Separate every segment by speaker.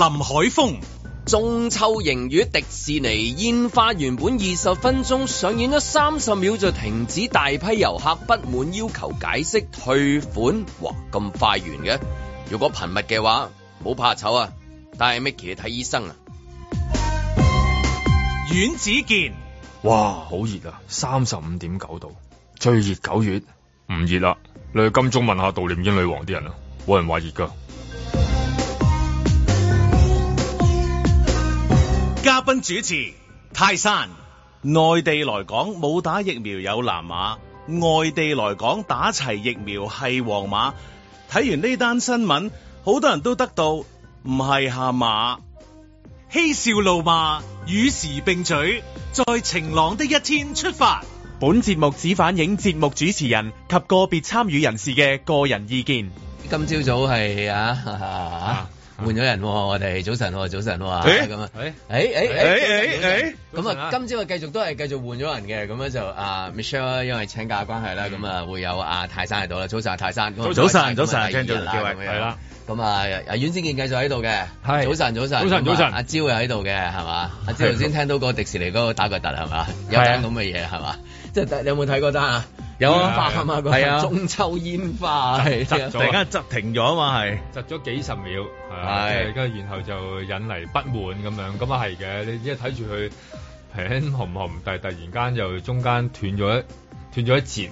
Speaker 1: 林海峰，中秋迎月迪士尼煙花原本二十分鐘上演咗三十秒就停止，大批遊客不滿要求解釋退款。哇，咁快完嘅？如果頻密嘅話，唔好怕醜啊。帶 Mickey 去睇醫生啊！阮子健，
Speaker 2: 哇，好熱啊，三十五點九度，最熱九月唔熱啦。你去金鐘問下悼念英女王啲人啊，冇人話熱噶。
Speaker 3: 嘉賓主持泰山，內地來講冇打疫苗有藍馬，外地來講打齊疫苗係皇馬。睇完呢單新聞，好多人都得到唔係下馬，嬉笑怒罵與時並舉，在晴朗的一天出發。本節目只反映節目主持人及個別
Speaker 1: 參與人士嘅個人意見。今朝早係啊。哈哈換咗人喎，我哋早，hey? 嗯、欸欸欸、早晨，早晨喎，咁、hey? 啊，誒誒誒誒誒，咁啊，今朝啊繼續都係繼續換咗人嘅，咁咧就阿、uh, Michelle 因為請假關係啦，咁、嗯、啊會有阿、啊、泰山喺度啦，早晨，泰山，嗯、早晨、嗯、早晨，聽早嘅啦，咁啊阿阮先健繼續喺度嘅，早晨早晨早晨早晨，阿朝又喺度嘅係嘛，阿朝頭先聽到個迪士尼嗰個打個突
Speaker 3: 係嘛，有單咁嘅嘢係嘛，
Speaker 1: 即係你有冇睇過單啊？有啊嘛，係啊，中秋煙花係，突然間
Speaker 3: 窒停咗啊嘛，係窒咗幾十秒，係，
Speaker 2: 跟住然後就引嚟不滿咁樣，咁啊係嘅，你即係睇住佢平平紅紅，但係突然間又中間斷咗。斷咗一節，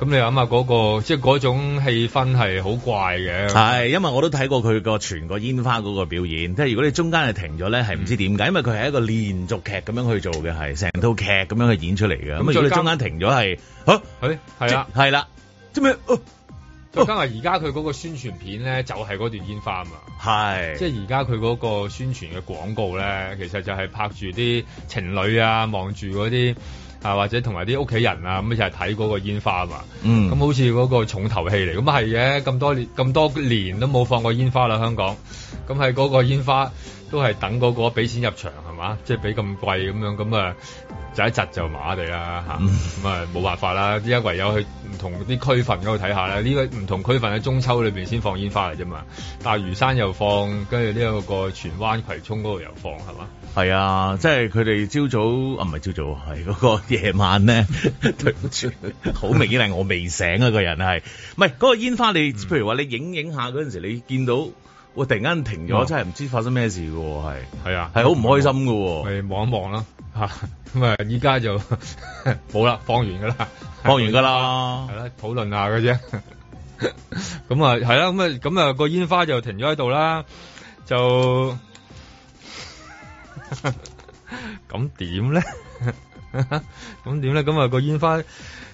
Speaker 2: 咁你諗下嗰個，即係嗰種氣氛係好怪嘅。係，
Speaker 3: 因為我都睇過佢個全個煙花嗰個表演，即係如果你中間係停咗咧，係唔知點解，因為佢係一個連續劇咁樣去做嘅，係成套劇咁樣去演出嚟嘅。咁、嗯、你中間停咗係，吓、嗯，係、啊、啦，係啦，做咩？
Speaker 2: 我加埋而家佢嗰個宣傳片咧，就係嗰段煙花嘛，係，即係而家佢嗰個宣傳嘅廣告咧，其實就係拍住啲情侶啊，望住嗰啲。啊，或者同埋啲屋企人啊，咁就係睇嗰個煙花啊嘛。嗯。咁好似嗰個重頭戲嚟，咁係嘅。咁多年咁多年都冇放過煙花啦，香港。咁喺嗰個煙花都係等嗰個俾錢入場係嘛？即係俾咁貴咁樣，咁啊，就一窒就麻麻地啦嚇咁啊，冇、嗯嗯、辦法啦，依家唯有去唔同啲區份嗰度睇下啦。呢個唔同區份喺中秋裏面先放煙花嚟啫嘛。大嶼山又放，跟住呢個荃灣葵涌嗰度又放係嘛？
Speaker 3: 係啊，即係佢哋朝早啊，唔係朝早，係嗰個夜晚咧， 對唔住，好明顯係 我未醒啊！是是個人係，唔係嗰個煙花，你譬如話你影影下嗰陣時，你見到我突然間停咗，哦、真係唔知發生咩事嘅，係係啊，係好唔開心嘅、啊，係望一望咯，吓咁啊，依家就冇啦，放完噶啦，放完噶啦，係咯，討論下嘅啫，
Speaker 2: 咁啊，係啦，咁 啊，咁啊，個煙花就停咗喺度啦，就。咁點咧？咁點咧？咁、那、啊個煙花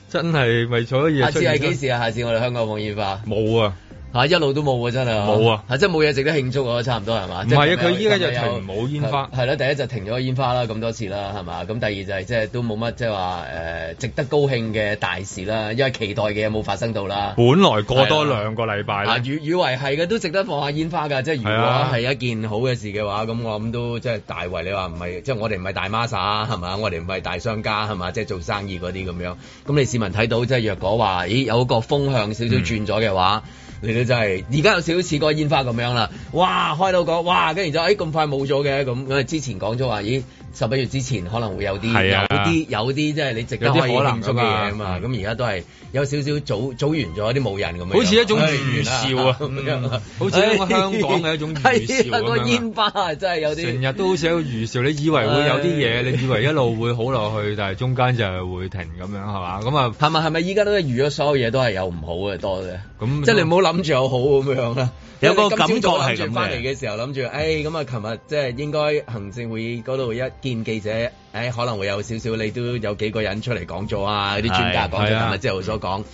Speaker 2: 真係咪坐咗嘢？下次係幾時啊？
Speaker 1: 下次我哋香港放煙花冇啊！嚇、啊、一路都冇喎，真係冇啊！嚇、啊，真係冇嘢值得慶祝啊，差唔多係
Speaker 4: 嘛？唔係啊，佢依家就停冇
Speaker 1: 煙花，係、啊、咯。第一就停咗個煙花啦，咁多次啦，係嘛？咁第二就係、是、即係都冇乜即係話誒值得高興嘅大事啦，因為期待嘅嘢冇發生到啦。
Speaker 2: 本來過多兩
Speaker 1: 個禮拜、啊啊、以以為係嘅都值得放下煙花㗎，即係如果係一件好嘅事嘅話，咁、啊、我諗都即係大為你話唔係，即係我哋唔係大孖沙係嘛？我哋唔係大商家係嘛？即係做生意嗰啲咁樣，咁你市民睇到即係若果話咦有個風向少少轉咗嘅話。嗯。你都真係，而家有少少似嗰個煙花咁樣啦，哇開到講，哇跟住就哎咁快冇咗嘅，咁咁之前講咗話，咦十一月之前可能會有啲、啊、有啲有啲即係你值得可，可能滿足嘅嘢啊嘛，咁而家都係有少少早早完
Speaker 2: 咗啲冇人咁樣，好似一種預兆啊，
Speaker 1: 好似香港嘅一種預兆咁樣。 那個、煙花真係有啲成
Speaker 2: 日都好似一個預兆，你以為會有啲嘢， 你以為一路會好落去，但係中間就係會停咁樣係嘛？咁啊係咪係咪依家都預咗所有嘢都係有唔好
Speaker 1: 嘅多嘅？咁即係你唔好諗住又好咁樣啦，有個感覺係咁嘅。今朝早行住翻嚟嘅時候，諗住，誒咁啊，琴日即係應該行政會議嗰度一見記者，誒可能會有少少，你都有幾個人出嚟講咗啊，啲專家講咗今日之後所講。嗯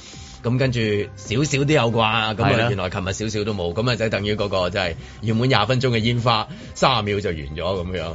Speaker 1: 咁跟住少少都有啩，咁啊原來琴日少少都冇，咁啊就等於嗰個即係要滿廿分鐘嘅
Speaker 3: 煙花，三十秒就完咗咁樣，係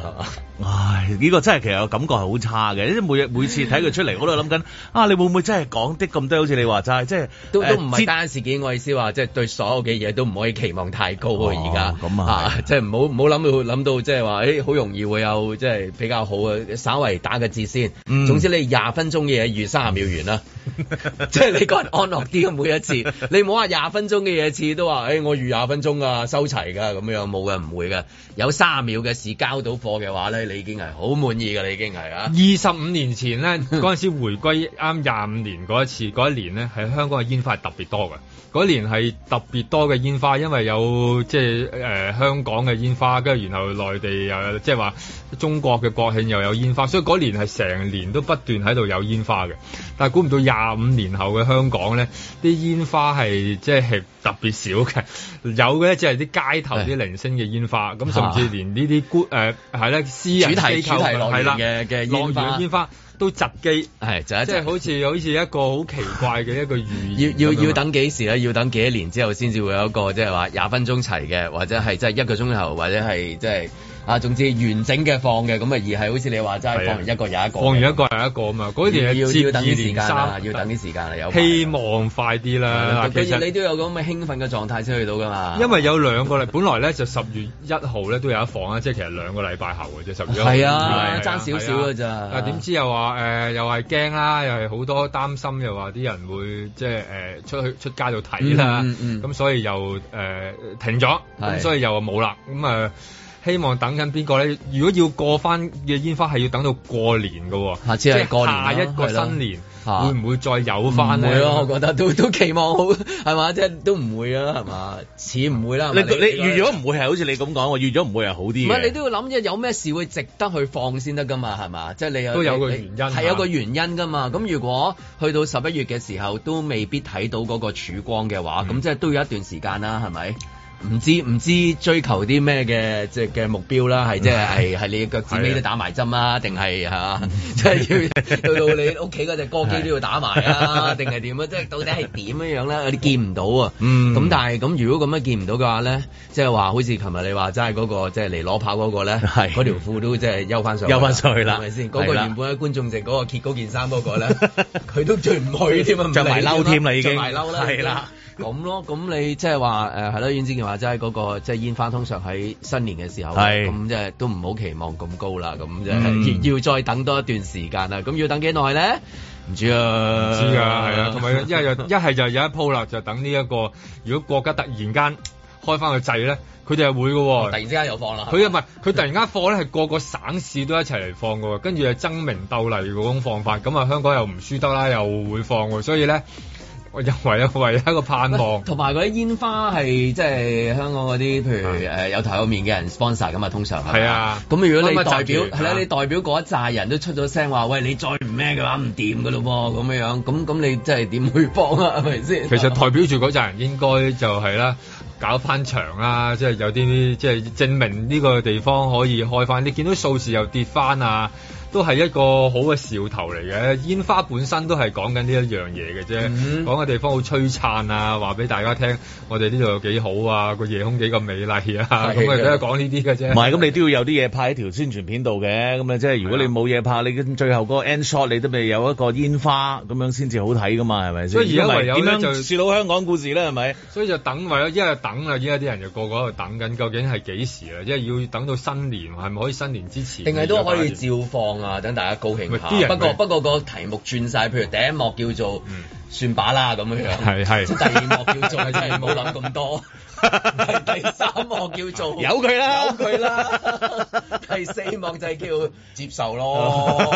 Speaker 3: 嘛、哎？唉，呢個真係其實我感覺係好差嘅，因為每日每次睇佢出嚟，我都諗緊 啊，你會唔會真係講啲咁多？好似你話齋，即係都都唔
Speaker 1: 係單事件。呃、我意思話，即係對所有嘅嘢都唔可以期望太高，而家咁啊，即係唔好唔好諗到諗到，即係話誒，好容易會有即係比較好嘅，稍為打個字先。嗯、總之你廿分鐘嘅嘢，預三十秒完啦。 即係你個人安樂啲嘅，每一次，你唔好話廿分鐘嘅嘢次都話，誒、哎、我預廿分鐘啊收齊噶咁樣，冇嘅，唔會
Speaker 2: 㗎。有三十秒嘅事交到貨嘅話咧，你已經係好滿意㗎。你已經係啊！二十五年前呢，嗰 陣時回歸啱廿五年嗰一次，嗰一年呢，係香港嘅煙花係特別多㗎。嗰年係特別多嘅煙花，因為有即係、呃、香港嘅煙花，跟住然後內地又有即係話中國嘅國慶又有煙花，所以嗰年係成年都不斷喺度有煙花嘅。但係估唔到廿。十五年後嘅香港咧，啲煙花係即係特別少嘅，有嘅咧只係啲街頭啲零星嘅煙花，咁甚至連呢啲孤誒係咧私人主題主題樂園嘅嘅煙，煙花都集機，係就即係、就是、好似好似一個好奇怪嘅一個預言，要要要等
Speaker 1: 幾時咧？要等幾年之後先至會有一個即係話廿分鐘齊嘅，或者係即係一個鐘頭，或者係即係。就是啊，總之完整嘅放嘅，咁啊，而係好似你話齋，放完一個又一個，放完一個
Speaker 2: 又一個啊嘛！嗰啲係要要等啲時間要等啲
Speaker 1: 時間啦有希
Speaker 2: 望快啲啦。其實你
Speaker 1: 都有咁嘅興奮嘅狀態先去到
Speaker 2: 㗎嘛。因為有兩個禮， 本來咧就十月一號咧都有一放啊，即 係其實兩個禮拜後嘅啫。十月一號爭少少嘅咋？啊點、啊、知又話又話驚啦，又係好多擔心話，又話啲人會即係、呃、出去出街度睇啦。咁、嗯嗯嗯、所以又、呃、停咗，咁所以又冇啦。咁、嗯、啊～、呃希望等緊邊個咧？如果要過翻嘅煙花，係要等到過年嘅、哦，下
Speaker 1: 次係過年，就係下一個新年
Speaker 3: 會唔會再有翻咧？唔咯、啊啊，我
Speaker 1: 覺得都都期望好，
Speaker 3: 係嘛？即係都唔
Speaker 1: 會啦，係嘛？似唔會啦。你你預咗唔
Speaker 3: 會係好似你咁講，預咗唔會係好啲。唔係，你都
Speaker 1: 要諗即有咩事會值得去放先得噶嘛？係嘛？即係你有都有個原因，係有個原因噶嘛。咁如果去到十一月嘅時候都未必睇到嗰個曙光嘅話，咁、嗯、即係都要一段時間啦，係咪？唔知唔知追求啲咩嘅即係嘅目標啦，係即係係係你腳趾尾都打埋針啦，定係即係要去到你屋企嗰隻歌機都要打埋啊，定係點啊？即係、即係、到底係點嘅樣咧？你見唔到啊？咁、嗯、但係咁如果咁樣見唔到嘅話呢，即係話好似琴日你話齋嗰個即係嚟攞跑嗰個呢，嗰條褲都即係收返上去。收翻上啦，係咪先？嗰、嗰個原本喺觀眾席嗰個揭嗰件衫嗰個呢，佢都追唔去添啊，著埋褸添啦，已經。咁咯，咁你即係話誒係咯，尹子健話即係嗰個即係煙花，通常喺新年嘅時候，咁即係都唔好期望咁高啦，咁即係要再等多一段時間
Speaker 2: 啦。咁要等幾耐咧？
Speaker 1: 唔知啊，唔知啊，係啊，同埋一係
Speaker 2: 一係就有一鋪啦，就等呢一個。如果國家突然間開翻個掣咧，佢哋係會嘅喎。突然之間
Speaker 1: 又放啦！佢又
Speaker 2: 唔係佢突然間放咧，係個個省市都一齊嚟放嘅喎，跟住係爭妍鬥麗嗰種放法。咁啊，香港又唔輸得啦，又會放喎，所以咧。我認為啊，為一個盼望，同埋嗰啲煙花係即係香港嗰啲，譬如誒有頭有面嘅人
Speaker 1: sponsor 咁啊，通常係啊。咁如果你代表係啦、啊啊，你代表嗰一紮人都出咗聲話，喂，你
Speaker 2: 再唔咩嘅話，唔掂㗎咯喎，咁樣樣，咁咁你即係點去幫啊？係咪先？其實代表住嗰扎人應該就係啦，搞翻場啊，即係有啲即係證明呢個地方可以開翻。你見到數字又跌翻啊！都係一個好嘅兆頭嚟嘅，煙花本身都係講緊呢一樣嘢嘅啫，講、嗯、嘅地方好璀璨
Speaker 3: 啊，話俾大家聽，我哋呢度有幾好啊，個夜空幾咁美麗啊，咁啊都係講
Speaker 2: 呢啲嘅啫。唔係，
Speaker 3: 咁你都要有啲嘢拍喺條宣傳片度嘅，咁啊即係如果你冇嘢拍，你最後個 end shot 你都未有一個煙花咁樣先至好睇噶嘛，係咪先？所以而家唯有點樣就説
Speaker 2: 到香港故事咧，係咪？所以就等，為咗一係等啊，而家啲人就個個喺度等緊，究竟係幾時啊？即係要等到新年，係咪可以新年之前？定係都可以照放？啊！等大家高興下，不過不
Speaker 1: 過，不過個題目轉晒，譬如第一幕叫做。算把啦，咁樣樣，係係。即第二幕叫做真係冇諗咁多，係 第三幕叫做，由佢
Speaker 5: 啦有佢啦。
Speaker 1: 啦 第四幕就係叫接受咯，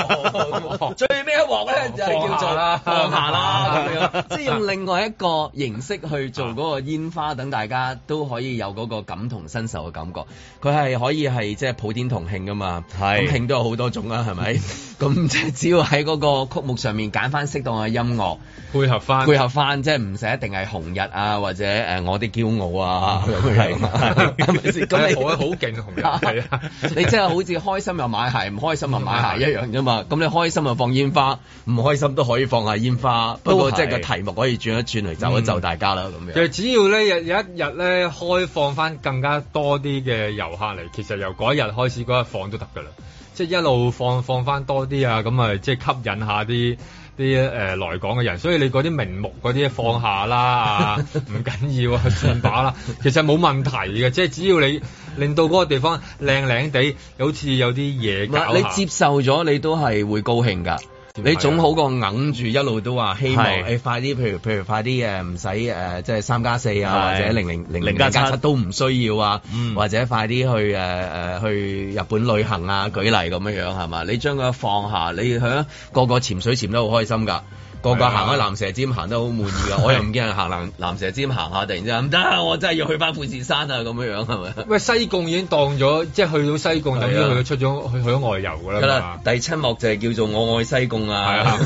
Speaker 3: 最尾一鑊咧就係、是、叫做放下啦即
Speaker 1: 係 用另外一個形式去做嗰個煙花，等、啊、大家都可以有嗰個感同身受嘅感覺。佢、啊、係可以係即普天同慶㗎嘛，慶都有好多種啦、啊，係 咪是吧？咁 即只要喺嗰個曲目上面揀翻適當嘅音樂配合翻，配合翻，即係唔使一定係紅日啊，或者誒我啲驕傲啊咁樣係。咁 不是 那你， 你好勁紅日係啊！你即係好似開心又買鞋，唔開心又買鞋一樣啫嘛。咁、嗯、你開心又放煙花，唔、嗯、開心都可以放下煙，煙花。不過即係個題目可以轉一轉嚟，就一就大家啦咁、嗯、樣。就
Speaker 2: 只要咧有一日咧開放翻更加多啲嘅遊客嚟，其實由嗰日開始嗰日放都得噶啦。即、就、係、是、一路放放翻多啲啊，咁啊即係吸引一下啲。啲誒、呃、來港嘅人，所以你嗰啲名目嗰啲放下啦，啊唔緊要啊，算把啦，其實冇問題嘅，即係只要你令到嗰個地方靚靚地，好似有啲嘢，唔係你接
Speaker 1: 受咗，你都係會高興噶。你總好過硬住一路都話希望，誒快啲，譬如譬如快啲誒唔使誒即係三加四啊，或者零零零零加七都唔需要啊，嗯、或者快啲去誒誒、呃、去日本旅行啊，舉例咁樣樣係嘛？你將佢放下，你響個個潛水潛得好開心㗎。
Speaker 6: 個個行喺南、啊、
Speaker 1: 蛇尖行得好滿意啊！我又唔驚人行南南蛇尖行下，突然之間唔得，我真係要去翻富士山啊！咁樣樣係咪？喂，西貢已經當咗，即係去
Speaker 2: 到西貢等於佢去出咗去去咗外遊噶啦。
Speaker 1: 第七幕就係叫做我愛西
Speaker 2: 貢啊！咁、啊啊、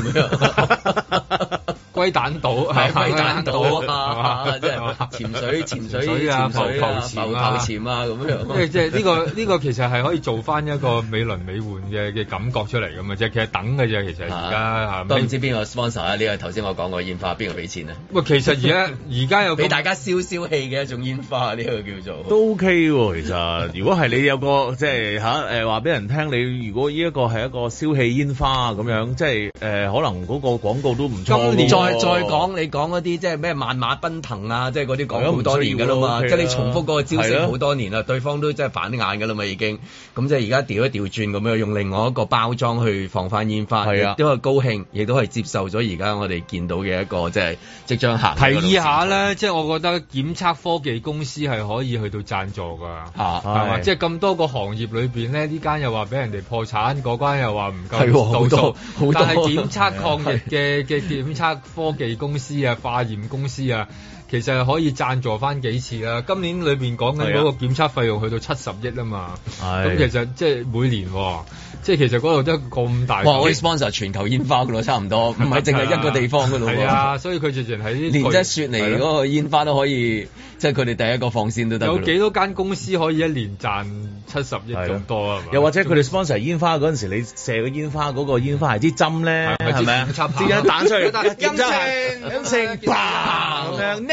Speaker 2: 樣。 龜蛋島啊，龜蛋島啊，嚇！真係潛水、潛水、潛水潛水、啊、潛潛潛、啊、潛啊咁、啊、樣。即係即係呢個呢、呢個其實係可以做翻一個美輪美奐嘅嘅感覺出嚟咁啊！即、就、係、是、其實等嘅啫，其實而家嚇都唔知邊個 sponsor 啊？呢、啊、個頭先、啊這個、我講過煙花，邊個俾錢啊？喂，其實而家
Speaker 1: 而家有俾 大家消消氣嘅一種煙花，呢、呢個叫做
Speaker 3: 都 OK 喎。其實如果係你有個即係吓，誒話俾人聽，你如果呢一個係一個消氣煙花咁樣，即係誒可能嗰個廣告都唔錯。再講
Speaker 1: 你講嗰啲即係咩萬馬奔騰啊，即係嗰啲講咗好多年噶啦嘛，啊啊、即係你重複嗰個招式好多年啦、啊，對方都即係反眼噶啦嘛已經。咁即係而家調一調轉咁樣，用另外一個包裝去放翻煙花，因為、啊、高興，亦都可接受咗而家我哋見到嘅一個即係、就是、即將行。提議下
Speaker 2: 咧，即、就、係、是、我覺得檢測科技公司係可以去到贊助㗎，係、啊、
Speaker 4: 嘛？即係
Speaker 2: 咁多個行業裏邊咧，呢間又話俾人哋破產，嗰間又話唔夠、啊、好多數，多好多但係檢測抗疫嘅嘅檢測。 科技公司啊，化驗公司啊。其實可以贊助返幾次啦、啊。今年裏面講緊嗰個檢測費用去到七十億啊嘛。咁、啊嗯、其實即係每年，喎、哦，即係其實嗰度都咁大。哇！我
Speaker 1: sponsor 全球煙花噶咯，差唔多，唔係淨係一個地方噶咯。係啊，
Speaker 2: 所以佢完全喺年一，連一雪嚟雪梨嗰
Speaker 1: 個
Speaker 3: 煙花都可以，即係佢哋第一個放線都得。有幾
Speaker 2: 多間公司可以一年賺
Speaker 3: 七十億咁多啊？又或者佢哋 sponsor 煙花嗰時，你射煙個煙花嗰個煙花係啲針咧，係咪啊，啊？插一彈出嚟， 音聲， 音聲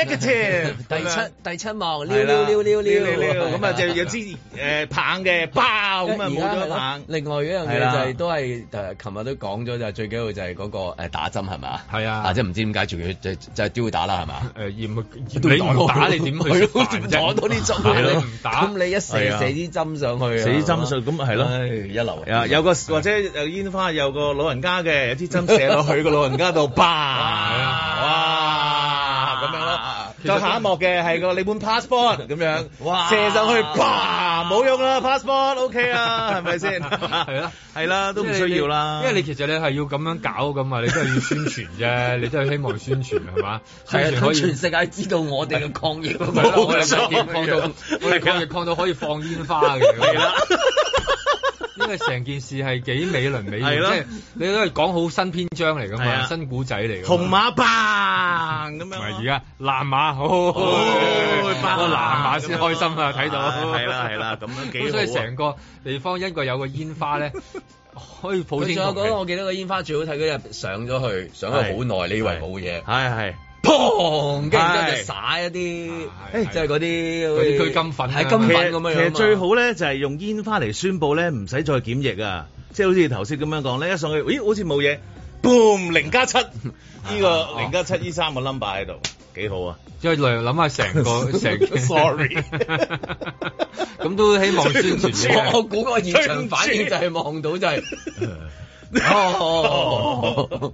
Speaker 3: 聲，第七第七幕，溜溜溜溜溜，咁啊，撩撩撩就有支誒棒嘅包，咁啊冇咗棒，棒。
Speaker 1: 另外一樣嘢就係、是、都係琴日都講咗就係最緊要就係嗰個打針係嘛？係啊，或者唔知點解仲要就係、是、丟打啦係嘛？誒、
Speaker 2: 嗯，
Speaker 1: 鹽打，你點去
Speaker 3: 攞多啲針，你唔打，打，咁你一射射啲針上去，射啲針上，咁咪係咯？一流啊！有個或者有煙花，有個老人家嘅，有啲針射落去個老人家度，爆！哇！再下一幕嘅係個你本 passport 咁樣哇，射上去，啪、呃、冇用啦，passport OK 啊，係咪先？係啦，係啦，都唔需要啦。因為
Speaker 2: 你其實你係要咁樣搞，咁啊，你都係要宣傳啫， 你都係希望宣傳係嘛？係 啊，全世界知道我哋嘅抗疫 是的 沒錯 抗到抗到可以放煙花嘅。 是的 因為成件事係幾美輪美奐，即係你都係講好新篇章嚟噶嘛，新古仔嚟。紅馬
Speaker 3: 棒咁
Speaker 2: 樣，而家藍馬好，好、哦，個、哦哦、藍馬先開心啊！睇、啊、到係啦係啦，咁樣幾好、啊、所以成個地方一個有個煙花咧， 可以普天同慶。佢仲有我記得個煙花最
Speaker 1: 好睇嗰日上咗去，上咗好耐，你以為冇嘢？係係。砰！跟住就撒一啲，誒，即係嗰啲嗰啲金粉，係金粉咁樣。其實最
Speaker 3: 好咧就係用煙花嚟宣佈咧，唔使再檢疫啊。即係好似頭先咁樣講咧，一上去，咦，好似冇嘢，boom，零加七，呢個零加七呢三個 number 喺度，幾好
Speaker 2: 啊！即係諗下成個成 ，sorry，
Speaker 3: 咁 都希望宣
Speaker 2: 傳。我估個現場反應就係望到就係。 哦，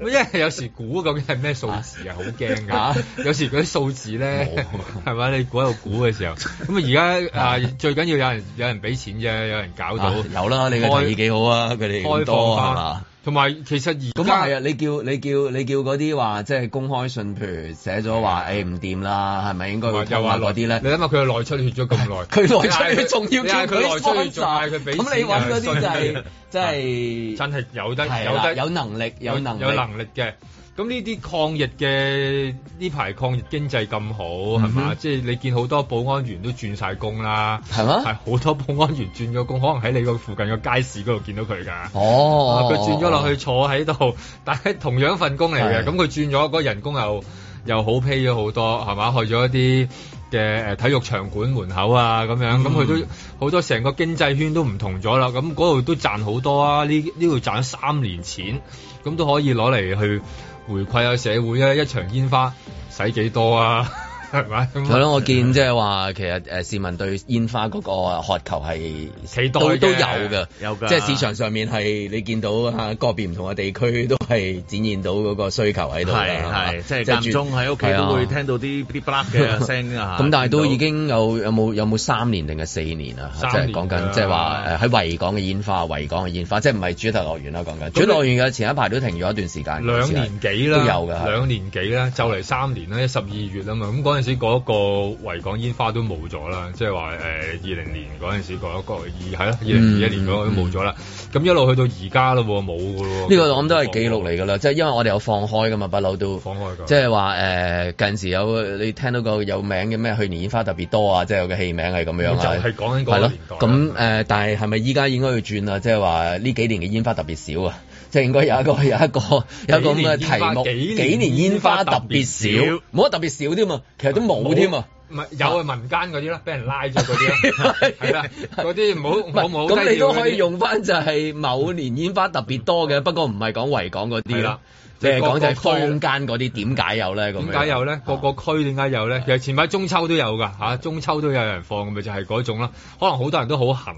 Speaker 2: 因為有時估究竟係咩數字啊，好驚㗎！有時嗰啲數字咧，係、啊、咪？ 你估又估嘅時候，咁啊而家啊最緊要有人有人俾錢啫，有人搞到、啊、有啦，你嘅提議幾好啊，佢哋多放翻。同埋
Speaker 1: 其實而家咁啊，你叫你叫你叫嗰啲話，即係公開信，譬如寫咗話，誒唔掂啦，係咪應該又話耐啲咧？你諗下佢內
Speaker 2: 出血咗咁耐，
Speaker 1: 佢內出血仲要咁，你揾嗰啲就係即
Speaker 2: 係真係有得有得有能力有有能力嘅。咁呢啲抗疫嘅呢排抗疫經濟咁好係嘛，嗯？即係你見好多保安員都轉曬工啦，係嘛？係好多保安員轉咗工，可能喺你個附近個街市嗰度見到佢噶。
Speaker 5: 哦，佢、啊、轉咗落去
Speaker 2: 坐喺度、哦，但係同樣份工嚟嘅。咁佢轉咗，個人工又又好 pay 咗好多係嘛？去咗一啲嘅誒體育場館門口啊咁樣，咁、嗯、佢都好多成個經濟圈都唔同咗啦。咁嗰度都賺好多啊！呢呢度賺三年錢，咁都可以攞嚟去。回饋下、啊、社會啊！一場煙花使幾多
Speaker 1: 啊？ 係咪？係咯，我見即係話，其實市民對煙花嗰個渴求係期待都都有㗎。有嘅。即係市場上面係你見到啊，個別唔同嘅地區都係展現到嗰個需求喺度啦，係即係間中喺屋企都會聽
Speaker 3: 到啲噼啪嘅聲啊。咁但係都
Speaker 1: 已經有有冇有冇三年定係四年啊？年即係講緊即係話喺維港嘅煙花，維港嘅煙花，即係唔係主題樂園啦？講緊主題樂園嘅前一排都停咗一段時間，兩年幾啦，都有嘅，兩
Speaker 2: 年幾啦，就嚟三年啦，十二月啦嘛，咁先、嗰個維港煙花都冇咗啦，即係話誒二零年嗰陣時嗰一個二係咯，二零二一年嗰個都冇咗啦。咁、嗯嗯、一路去到而家咯，冇嘅咯。呢個我諗
Speaker 1: 都係記錄嚟㗎啦，即係因為我哋有放開嘅嘛，不嬲都放開。即係話誒近時有你聽到個有名嘅咩去年煙花特別多啊，即係有個戲名係咁樣就係講緊嗰個年代。咁誒、呃，但係係咪依家應該要轉啊？即係話呢幾年嘅煙花特別少啊？應該有一個，有一個，有一個咁嘅題目。幾年煙花特別少，冇得特別少添嘛，其實都冇添啊！
Speaker 2: 係有啊，民間嗰啲啦，俾人拉咗嗰啲咯。係 啦，嗰啲唔好唔咁， 你都可以用
Speaker 1: 翻就係某年煙花特別多嘅， 不過唔係講維港嗰啲啦，
Speaker 2: 即係講就坊
Speaker 1: 間嗰啲點解有咧？咁點解有
Speaker 2: 咧？各個區點解有咧？其、啊、實前排中秋都有噶、啊、中秋都有人放咪就係、是、嗰種啦。可能好多人都好行。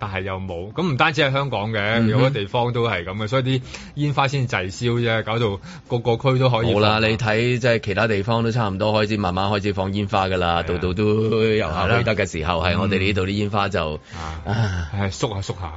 Speaker 2: 但係又冇咁，唔單止係香港嘅，好、mm-hmm. 多地方都係咁嘅，所以啲煙花先滯銷啫，搞到個個區都可以冇啦。你睇即係其他地方都差唔多開
Speaker 1: 始慢慢開始放煙花噶啦，度度都有客去得嘅時候，係、啊、我哋呢度啲煙花就
Speaker 2: 係、啊啊、縮下縮下。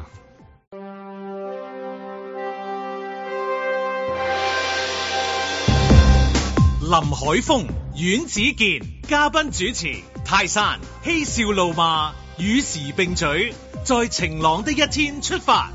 Speaker 3: 林海峰、阮子健，嘉賓主持，泰山嬉笑怒罵，與時並嘴。在晴朗的一天出發。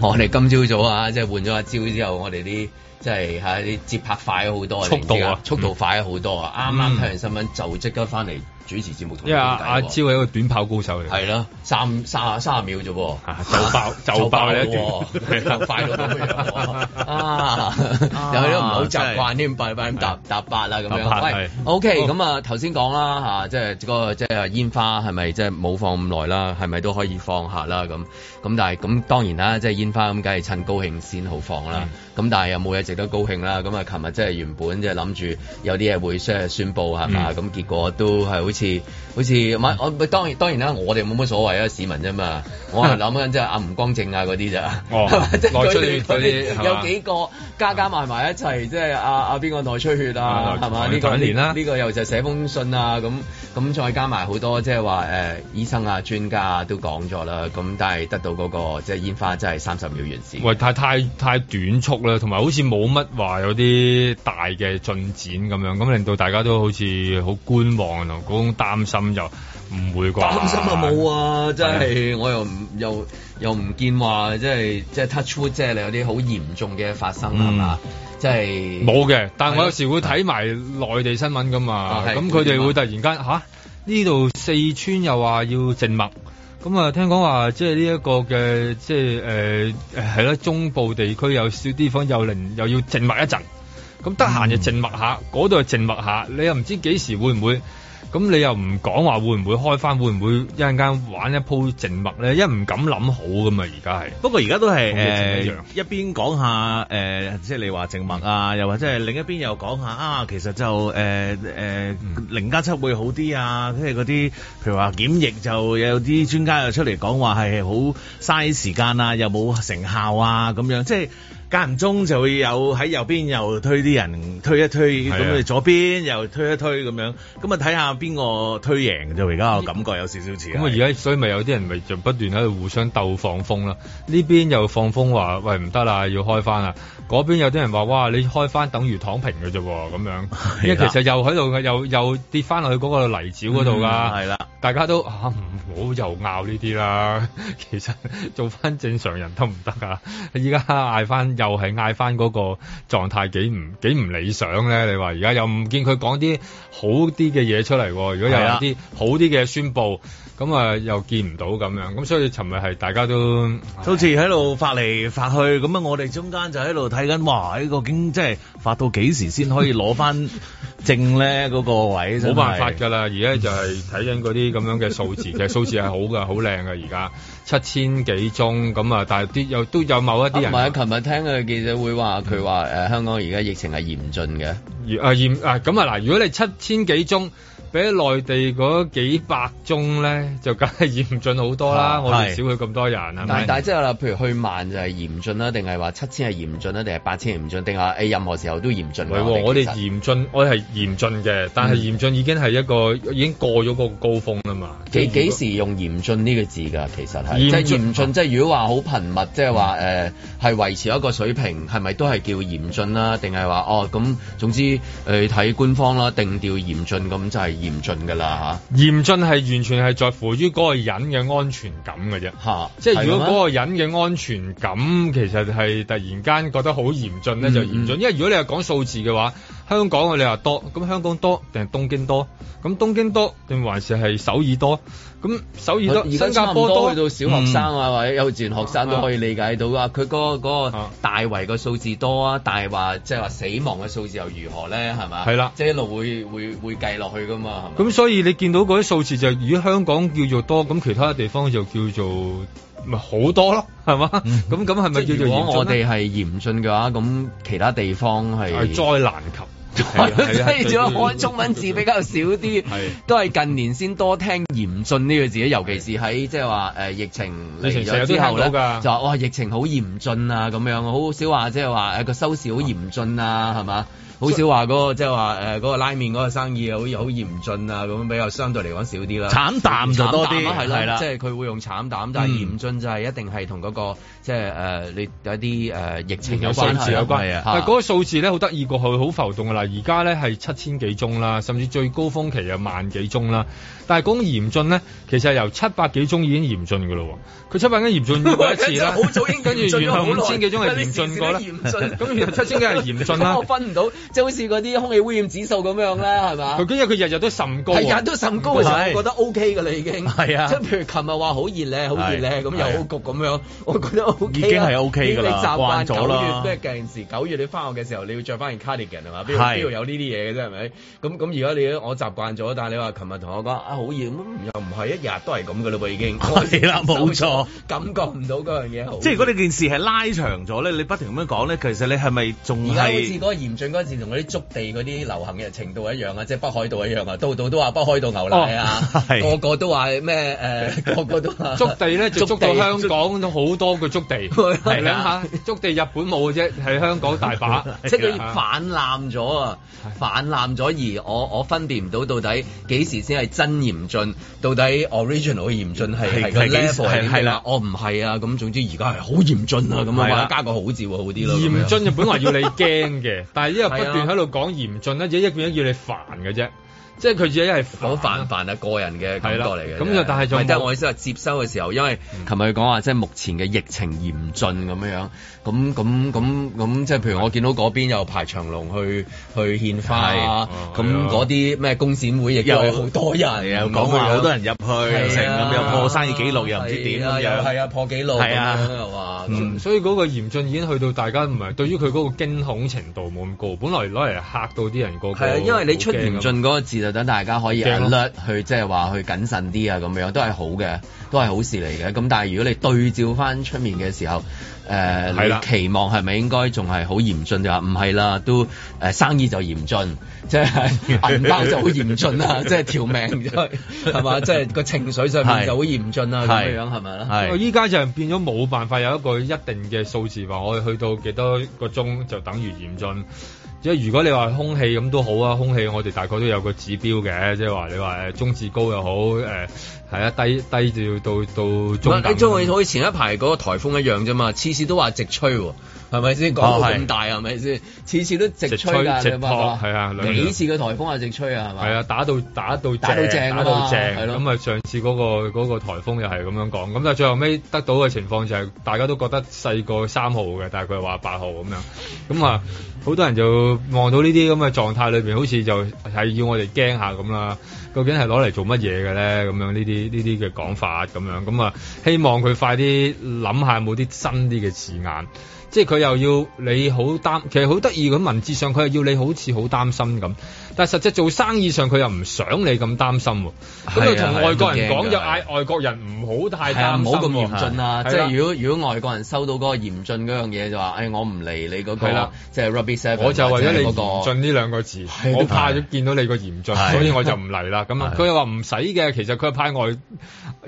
Speaker 1: 我哋今朝早，早啊，即係換咗阿蕉之後，我哋啲即係吓啲節拍快咗好多，速度、啊、速度快咗好多啊！啱啱睇完新聞就即刻翻嚟。主持節目同 yeah,、啊，因為阿阿招係
Speaker 2: 一個短跑高手嚟，
Speaker 1: 係咯，三三三十秒啫喎，就 爆就爆嘅、啊、 一段，
Speaker 3: 快到咁樣啊！ 啊 就是、又都唔好習慣添，
Speaker 1: 拜拜咁搭搭八啦咁樣。喂、哎、OK，咁、oh. 啊頭先講啦嚇，即係、這個即係煙花係咪即係冇放咁耐啦？係咪都可以放下啦？咁咁但係咁當然啦，即係煙花咁，梗係趁高興先好放啦。咁但係又冇嘢值得高興啦。咁啊，琴日即係原本即係諗住有啲嘢會即係宣布係嘛，咁結果都係好似。似好似當當然當然啦，我哋冇乜所謂啊，市民啫嘛。我係諗緊即係阿吳光正啊嗰啲咋，哦，內出血嗰啲有幾個加加埋埋一齊，即係阿邊個內出血啊，係、啊、嘛？呢、嗯這個呢、啊這個又就寫封信啊，咁咁再加埋好多，即係話醫生啊專家呀、啊、都講咗啦。咁但係得到嗰、那個即係、就是、煙花，真係三十秒完事。
Speaker 2: 喂，太太太短促啦，同埋好似冇乜話有啲大嘅進展咁樣，咁令到大家都好似好觀望同、啊那個擔心又唔會啩？擔心啊冇啊！ 真係
Speaker 1: 我又唔又又唔見話，即係即係 touch wood，即係你有啲好嚴重
Speaker 2: 嘅發生係嘛？
Speaker 1: 即係冇嘅，但我有
Speaker 2: 時會睇埋內地新聞噶嘛。咁佢哋會突然間吓，呢度、啊啊、四川又話要靜默，咁啊聽講話即係呢一個嘅即係誒係咯中部地區有少啲地方又零又要靜默一陣，咁得閒就靜默一下，嗰度靜默下，你又唔知幾時會唔會？咁你又唔講話會唔會開翻？會唔會一陣間玩一鋪靜默咧、嗯呃呃？因為唔敢諗好㗎嘛，而家係，
Speaker 3: 不過而家都係誒一邊講下誒，即係你話靜默啊，又或者係另一邊又講下啊，其實就誒誒、呃呃、零加七會好啲啊，即係嗰啲譬如話檢疫就有啲專家又出嚟講話係好嘥時間啊，又冇成效啊咁樣，即係。間唔中就會有喺右邊又推啲人推一推，咁你、啊、左邊又推一推咁樣，咁啊睇下邊個推贏就而家我感覺有少少似。咁啊而家所以咪有啲人
Speaker 2: 咪就不斷喺度互相鬥放風啦。呢邊又放風話喂唔得啦，要開翻啦。嗰邊有啲人話哇你開翻等於躺平嘅啫喎，咁樣，啊、因為其實又喺度又又跌翻落去嗰個泥沼嗰度噶。啦、嗯，啊、大家都吓唔好又拗呢啲啦。其實做翻正常人得唔得啊？依家嗌翻。又係嗌翻嗰個狀態，幾唔幾唔理想咧？你話而家又唔見佢講啲好啲嘅嘢出嚟，如果又有一啲好啲嘅宣布。咁、嗯、啊，又見唔到咁
Speaker 3: 樣，咁、嗯、所以尋日係大家都數字喺度發嚟發去，咁啊，我哋中間就喺度睇緊，哇！呢、這個經即係發到幾時先可以攞翻正咧？嗰、那個位冇辦法
Speaker 2: 㗎啦！而家就係睇緊嗰啲咁樣嘅數字， 其實數字係好㗎，好靚㗎，而家七千幾宗咁啊！但係啲又都有某一啲人同、啊、埋，琴、啊、日聽嘅記者會話，佢話、呃、香港而家疫情係嚴峻嘅、啊，嚴啊嚴啊咁啊嗱！如果你七千幾宗比俾內地嗰幾百宗呢，就梗係嚴峻好多啦。啊、我哋少去咁多人，是是但係
Speaker 1: 即係啦，譬如去萬就係嚴峻啦，定係話七千係嚴峻啦，定係八千嚴峻，定係話，誒、欸、任何時候都嚴峻。唔係，我哋
Speaker 2: 嚴峻，我哋係嚴峻嘅，但係嚴峻已經係一個已經過咗個高峰啦嘛。幾、嗯就是、時用嚴峻呢個字
Speaker 1: 㗎？其實係即係嚴峻，即係如果話好頻密，即係話係維持一個水平，係咪都係叫嚴峻啦？定係話哦咁，總之誒睇、呃、官方啦，定調嚴峻咁就係、是。嚴峻噶啦嚇，
Speaker 2: 嚴峻係，啊，完全係在乎於嗰個人嘅安全感嘅啫，即係如果嗰個人嘅安全感其實係突然間覺得好嚴峻咧，嗯、就嚴峻，因為如果你係講數字嘅話，嗯、香港嘅你話多，咁香港多定係東京多？咁東京多定還是係首爾多？咁首爾多多新加坡多，去到小學生啊，或、嗯、者幼稚園學生都可以理解到啊。佢嗰個，個大圍個數
Speaker 1: 字多啊，嗯、大話即係話死亡嘅數字又如何咧？係嘛？係啦，即、就、係、是、一路會會會計落去噶嘛。
Speaker 2: 咁所以你見到嗰啲數字就係、是、如果香港叫做多，咁其他地方就叫做咪好多咯，係嘛？咁咁係咪叫做如果我哋係嚴峻嘅話，咁其他地方係、就是、災難級。
Speaker 5: 我睇咗，我 中
Speaker 1: 文字比較少啲，都係近年先多聽嚴峻呢個字，尤其是喺即係話誒疫情之後整整、哦、疫情咗之後咧，就話哇疫情好嚴峻啊咁樣，好少話即係話誒個收視好嚴峻啊，係嘛？ 好少話嗰、那個即係話誒嗰個拉麵嗰個生意好好嚴峻啊，咁比較相對嚟講少啲啦。慘淡就多啲係啦，即係佢會用慘淡，嗯、但係嚴峻就係一定係同嗰個即係誒你有啲誒疫情有關
Speaker 2: 字有關係，但係嗰個數字咧好得意過去，好浮動噶啦。而家咧係七千幾宗啦，甚至最高峰期有萬幾宗啦。但係講嚴峻咧，其實由七百幾宗已經嚴峻噶啦。佢七百幾嚴峻過 一次啦，好 早已經跟住完五千幾宗係嚴峻過啦。 嚴峻咁後七千幾係嚴峻啦。
Speaker 1: 分唔到。即係好似嗰啲空氣污染指數咁樣咧，係嘛？佢
Speaker 2: 今日佢日日都甚高，日日都
Speaker 1: 甚高嘅時候，我覺得 OK 㗎啦已經。係啊，即係譬
Speaker 2: 如琴日話好熱
Speaker 1: 咧，好熱咧，咁、啊、又好焗咁樣，啊、我覺得、OK 啊、已經係 OK 㗎啦，你習慣咗啦。咩？舊年時九月你翻學嘅時候，你要着翻件 cardigan 係嘛？邊度邊度有呢啲嘢嘅啫係咪？咁咁而家你我習慣咗，但係你話琴日同我講啊好熱咁，又唔係一日都係咁㗎啦噃已經。係啦、啊，冇錯，感覺唔到嗰樣嘢。即係如
Speaker 3: 果你件事係拉長咗咧，你不停咁樣講咧，其實你係咪仲係？而家好似
Speaker 1: 嗰個嚴峻嗰時。同嗰啲築地嗰啲流行嘅程度一樣啊，即係北海道一樣啊，到度都話北海道牛奶啊，個個都話咩誒，個個都話、呃、 築地咧就築地，香
Speaker 2: 港都好多個築地，你諗下築地日本冇啫，喺香港大把，即係佢泛濫咗啊，泛濫咗而我我分
Speaker 1: 辨唔到到底幾時先係真嚴峻，到底 original 嘅嚴峻係係幾 level 係啦，我唔係啊，咁總之而家係好嚴峻啊，咁啊加
Speaker 2: 個好字會好啲咯、啊。嚴峻就本來要你驚嘅， 但係因為。不斷喺度講嚴峻咧，只一個人要你煩嘅啫。即係佢只係嗰泛泛啊，個人嘅感覺嚟嘅。咁、啊、就但係仲未得我先話接收嘅時候，
Speaker 1: 因為琴日佢講話，即係目前嘅疫情嚴峻咁樣樣。咁咁咁咁，即係譬如我見到嗰邊有排長龍去去獻花、哦、啊。咁嗰啲咩
Speaker 2: 工展會亦
Speaker 3: 都有好多人，多人啊，講好多人入去又破
Speaker 1: 生意紀錄又唔知點、啊、又係啊破紀錄係啊話
Speaker 2: 所以嗰個嚴峻已經去到大家唔係對於佢嗰個驚恐程度冇咁高。本來攞嚟嚇到啲人個係因為你出嚴峻嗰
Speaker 1: 等大家可以略、okay. 去，即係話去謹慎啲啊，咁樣都係好嘅，都係好，好事嚟嘅。咁但係如果你對照翻出面嘅時候，誒、呃，你期望係咪應該仲係好嚴峻？就話唔係啦，都誒、呃、生意就嚴峻，即係銀包就好、是、 嚴峻啦、啊，即係條命，係嘛？即係個情緒上面就好嚴峻啦、啊，咁樣係咪咧？我
Speaker 2: 依家就變咗冇辦法有一個一定嘅數字話，我哋去到幾多個鐘就等於嚴峻。即係如果你話空氣咁都好啊，空氣我哋大概都有個指標嘅，即係話你話中至高又好，係啊，低低到到中。你空好似前一排嗰個颱風一樣啫嘛，次次都話直吹，係咪先講咁
Speaker 1: 大係咪先？次次都直吹㗎，直吹係啊，幾次嘅颱風係直吹啊，係
Speaker 2: 啊，打到打到打到正，咁啊上次嗰個嗰個颱風又係咁樣講，咁但最後尾得到嘅情況就係大家都覺得細過三號嘅，但係佢係話八號咁樣，咁啊。 好多人就望到呢啲咁嘅狀態裏面，好似就係要我哋驚下咁啦。究竟係攞嚟做乜嘢嘅咧？咁樣呢啲呢啲嘅講法咁樣咁啊，希望佢快啲諗下有冇啲新啲嘅字眼。即係佢又，又要你好擔，其實好得意。咁文字上佢又要你好似好擔心咁。但係實際做生意上，佢又唔想你咁擔心喎。咁佢同外國人講就嗌外國人唔好太擔心，唔好咁嚴峻啊！啊啊即係如果
Speaker 1: 如果外國人收到嗰個嚴峻嗰樣嘢，啊、就話，誒、哎、我唔嚟你嗰，那個係啦，即係、啊就是、Ruby Seven。我就為咗你嚴峻
Speaker 2: 呢兩個字，啊、我怕咗見到你個嚴峻，啊，所以我就唔嚟啦。咁佢，啊啊、又話唔使嘅，其實佢派外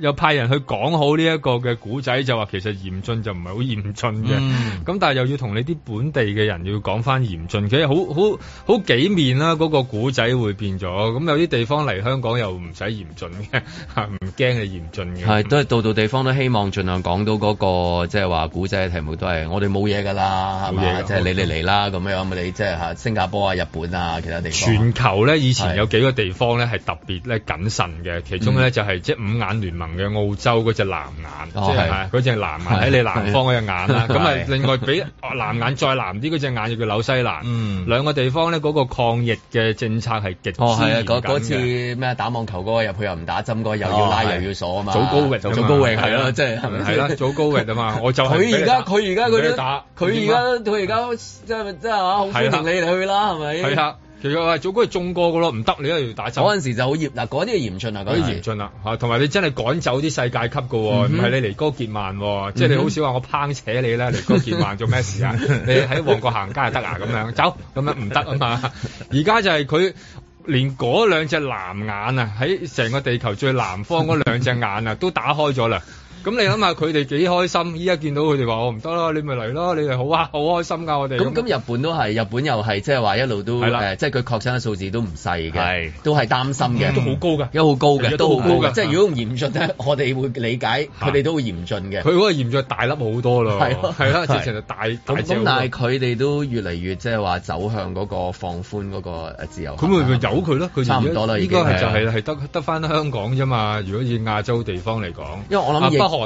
Speaker 2: 又派人去講好呢一個嘅故仔，就話其實嚴峻就唔係好嚴峻嘅。咁、嗯、但係又要同你啲本地嘅人要講翻嚴峻，其實好好好幾面啦、啊、嗰、那個古仔會變咗，咁有啲地方嚟香港又唔使嚴峻嘅，唔 驚你嚴峻嘅。係，
Speaker 1: 都係度度地方都希望盡量講到嗰、那個，即係話古仔嘅題目都係我哋冇嘢㗎啦，係嘛？即係、就是、你哋嚟
Speaker 2: 啦咁樣，咁、嗯、你即係嚇新加坡啊、日本啊、其他地方。全球咧，以前有幾個地方咧係特別咧謹慎嘅，其中咧就係即係五眼聯盟嘅澳洲嗰隻藍眼，嗯、即係嗰隻藍眼喺你南方嗰隻眼啦。咁啊，那個、另外俾、哦、藍眼再藍啲嗰隻眼就叫紐西蘭。嗯，兩個地方咧嗰個抗疫嘅誤差係極哦，係啊！嗰嗰次
Speaker 1: 咩打網球嗰個入去又唔打針，個又要拉、哦、又要鎖啊要嘛！早高域就早高域係咯，即係係咪係咯，
Speaker 2: 早高域啊嘛！我就佢而家佢而家佢都打佢而家
Speaker 1: 佢而家即係即係話好歡迎你嚟去啦，係咪？係啊。
Speaker 2: 其實啊，早嗰日中過噶咯，唔得你一定要打針。嗰陣時就好嚴嗱，嗰啲就嚴峻啦，嗰啲嚴峻啦吓，同埋你真係趕走啲世界級噶、哦，唔、mm-hmm. 係你嚟哥杰曼、哦，mm-hmm. 即係你好少話我抨扯你啦，嚟哥杰曼做咩事啊？ 你喺旺角行街就得啊？咁樣走咁樣唔得啊嘛！而家就係佢連嗰兩隻藍眼啊，喺成個地球最南方嗰兩隻眼啊，都打開咗啦。咁 你諗下佢哋幾開心？依家見到佢哋話我唔得啦，你咪嚟咯！你哋好啊，好開心噶我哋。
Speaker 1: 咁咁日本都係，日本又係即係話一路都即係佢確診嘅數字都唔細嘅，都係
Speaker 2: 擔心嘅、嗯，都好高嘅，都好高嘅，都好高即係
Speaker 1: 如果嚴峻呢，我哋會理解佢哋都會嚴峻嘅。佢嗰
Speaker 2: 個嚴峻大粒好多囉。係啦，直情係大咁，但係
Speaker 1: 佢哋都越嚟越即係話走向嗰個放寬嗰個自由。咁會唔會由佢
Speaker 2: 咯，佢差唔多啦，已經。應該係就係得得翻香港啫嘛。如果以亞洲地方嚟講，因為我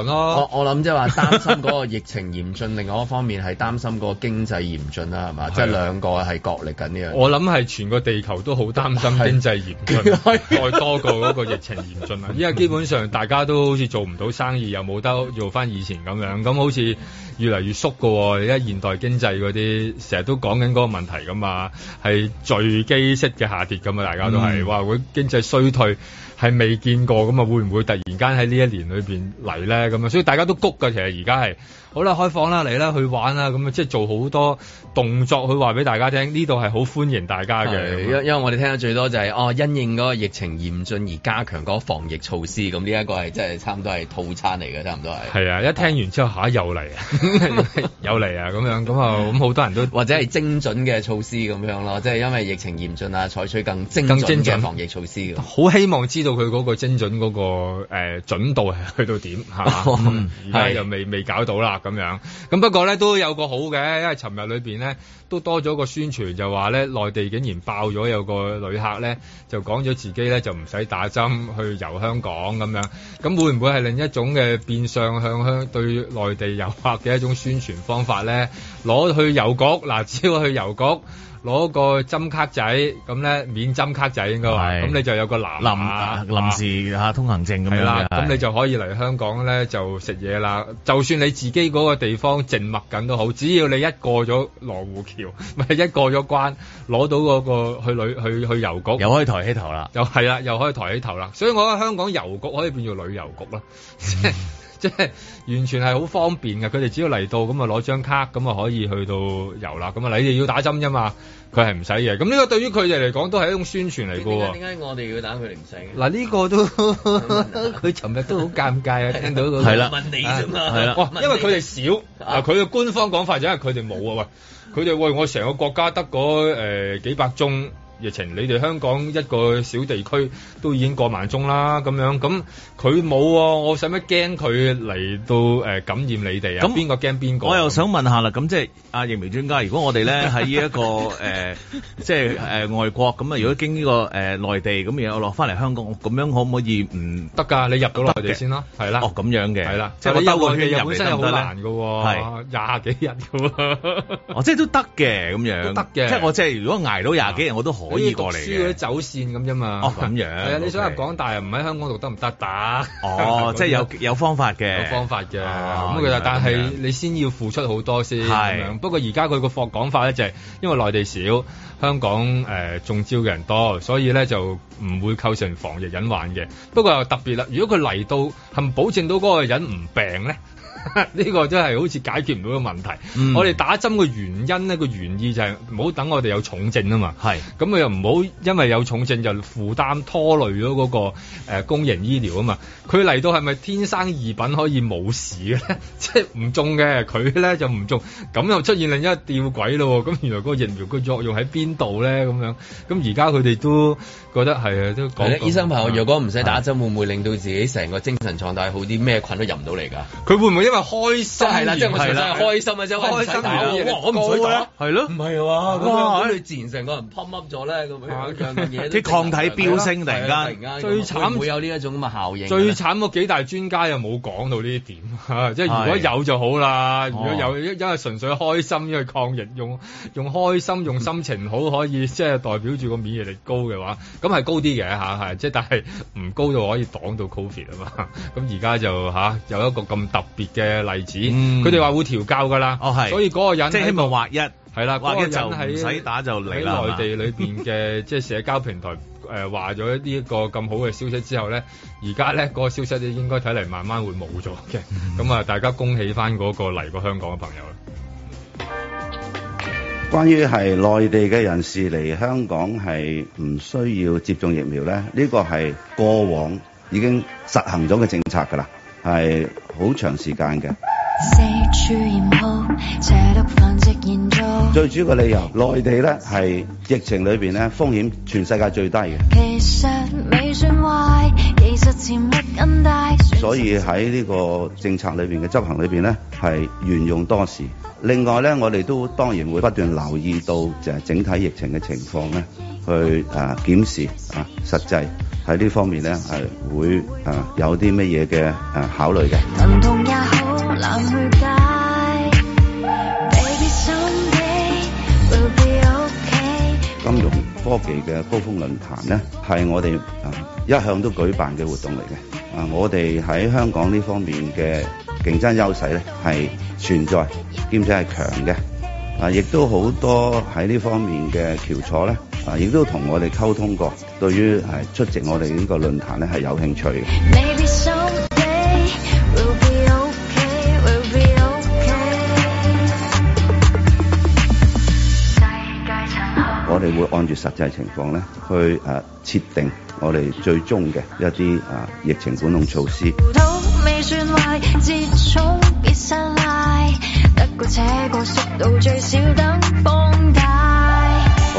Speaker 2: 咯，
Speaker 1: 我我諗即係話擔心嗰個疫情嚴峻，另外一方面係擔心嗰個經濟嚴峻啦，係嘛？即係兩個係角力緊呢樣。我
Speaker 2: 諗係全個地球都好擔心經濟嚴峻，
Speaker 4: 再多過
Speaker 2: 嗰個疫情嚴峻啊！ 因為基本上大家都好似做唔到生意，又冇得做翻以前咁樣，咁好似越嚟越縮噶。而家現代經濟嗰啲成日都講緊嗰個問題噶嘛，係墜機式嘅下跌咁啊！大家都係、嗯、哇，會經濟衰退。係未見過咁啊，會唔會突然間喺呢一年裏邊嚟咧咁啊？所以大家都谷噶，其實而家係。好啦，開放啦，嚟啦，去玩啦，咁、嗯、啊，即係做好多動作去話俾大家聽。呢度係好歡迎大家嘅，因為為我哋聽得最多就係、是、哦，因應
Speaker 1: 嗰個疫情嚴峻而加強嗰個防疫措施。咁呢一個係即係差唔多係套餐嚟嘅，差唔多係。係啊，一聽完之後，下又嚟啊，又嚟啊，咁樣咁啊，咁好、嗯嗯、多人都或者係精準嘅措施咁樣咯，即係因為疫情嚴峻啊，採取更精更精準嘅防疫措
Speaker 2: 施。好希望知道佢嗰個精準嗰、那個誒、呃、準度係去到點嚇，嗯、又未未搞到啦。咁樣，咁不過咧都有個好嘅，因為尋日裏面咧都多咗個宣傳，就話咧內地竟然爆咗有個旅客咧就講咗自己咧就唔使打針去遊香港咁樣，咁會唔會係另一種嘅變相向香對內地遊客嘅一種宣傳方法咧？攞去郵局，嗱只要去郵局。攞個針卡仔，咁咧免針卡仔應該係，咁你就有個臨臨
Speaker 3: 臨時啊通行證咁樣啦，咁你
Speaker 2: 就可以嚟香港咧就食嘢啦。就算你自己嗰個地方靜默緊都好，只要你一過咗羅湖橋，咪一過咗關，攞到個個去旅去去郵局，又可以抬起頭啦，又係啦，又可以抬起頭啦。所以我覺得香港郵局可以變做旅遊局咯。即 係完全係好方便嘅，佢哋只要嚟到咁，啊攞張卡，咁啊可以去到遊啦，咁啊你哋要打針啫嘛，佢係唔使嘅。咁呢個對於佢哋嚟講都係一種宣傳嚟嘅。點解我哋要打佢唔使？嗱、啊、呢、這個都佢尋日都好尷尬、 那個、 啊！聽到嗰個係啦，問你啫嘛，係啦，因為佢哋少佢嘅、啊、官方講法就係佢哋冇啊喂，佢哋喂我成個國家得嗰誒幾百宗。疫情，你哋香港一個小地區都已經過萬宗啦，咁樣咁佢冇，我使乜驚佢嚟
Speaker 3: 到誒感染你哋啊？咁邊個驚邊個？我又想問下啦，咁即係阿疫苗專家，如果我哋咧喺呢一個誒，即係誒外國咁啊，如果經呢個誒內地咁有落翻嚟香港，咁樣可唔可以唔得㗎？你入到內地先咯，係啦。哦，咁樣嘅係啦，即係你兜過去本身係好難㗎喎。係
Speaker 2: 廿幾日咁啊？
Speaker 3: 哦，即係都得嘅咁樣，得嘅。即係我即係如果挨到廿幾日，我都可。可以讀嚟書嗰啲走線咁啫嘛，哦，咁樣，係啊、okay、你想入
Speaker 2: 港大唔喺香港讀得唔得打哦， 即係有
Speaker 3: 有方法嘅，有方
Speaker 2: 法嘅咁啊！但係你先要付出好多先，係。不過而家佢個課講法咧就係、是、因為內地少，香港誒、呃、中招嘅人多，所以咧就唔會構成防疫隱患嘅。不過又特別啦，如果佢嚟到，係咪保證到嗰個人唔病咧？呢 個真係好似解決唔到個問題。嗯、我哋打針個原因呢個原意就係唔好等我哋有重症啊嘛。係咁佢又唔好因為有重症就負擔拖累咗嗰、嗰個誒、呃、公營醫療啊嘛。佢嚟到係咪天生異品可以冇事咧？即係唔中嘅佢咧就唔中，咁又出現另一吊詭咯。咁原來個疫苗個作用喺邊度咧？咁樣咁而家佢哋都覺得係都講。醫生朋友，若、啊、果唔使打
Speaker 1: 針，會唔會令到自己成個精神狀態好啲，咩菌都入唔到嚟噶？佢
Speaker 3: 會唔會因開心係啦，即係我
Speaker 1: 純粹係
Speaker 3: 開心，開心啊！即係開心我唔使打，係咯、啊，唔係喎，咁你
Speaker 1: 自然成個人 pump up 咗咧，咁、啊、樣啲、啊、抗體飆升突然間，最慘會，會有呢一種咁嘅效應。最
Speaker 2: 慘嗰幾大專家又冇講到呢一點，啊、即係如果有就好啦、啊。如果有一因為純粹開心因為去抗疫，用用開心用心情好可以即係代表住個免疫力高嘅話，咁係高啲嘅吓，係，即係但係唔高就可以擋到 Covid 啊嘛。咁而家就吓，有一個咁特別嘅。嘅例子，佢哋話會調教噶啦，哦係，所以嗰個人個即係希望畫一係啦，嗰陣喺唔使打就嚟啦。內地裏邊嘅即係社交平台誒話咗呢一個咁好嘅消息之後咧，而家咧嗰個消息咧應該睇嚟慢慢會冇咗嘅，咁、嗯、啊大家恭喜翻嗰個嚟過香港嘅朋友啦。
Speaker 6: 關於係內地嘅人士嚟香港係唔需要接種疫苗咧，呢、這個係過往已經實行咗嘅政策噶啦。係好長時間嘅。
Speaker 4: 最主要
Speaker 6: 嘅理由，內地咧係疫情裏面咧風險全世界最低
Speaker 4: 嘅。
Speaker 6: 所以喺呢個政策裏面嘅執行裏面咧係沿用多時。另外咧，我哋都當然會不斷留意到整體疫情嘅情況咧，去誒檢視啊實際。喺呢方面咧，係會誒、啊、有啲乜嘢嘅誒考慮嘅。金融科技嘅高峰論壇咧，係我哋、啊、一向都舉辦嘅活動嚟嘅。啊，我哋喺香港呢方面嘅競爭優勢咧，係存在，兼且係強嘅。啊，亦都好多喺呢方面嘅翹楚咧，啊，亦都同我哋溝通過。對於係出席我哋呢個論壇咧係有興趣
Speaker 3: 嘅。
Speaker 6: 我哋會按住實際情況咧，去誒設定我哋最終嘅一啲誒疫情管控措
Speaker 4: 施。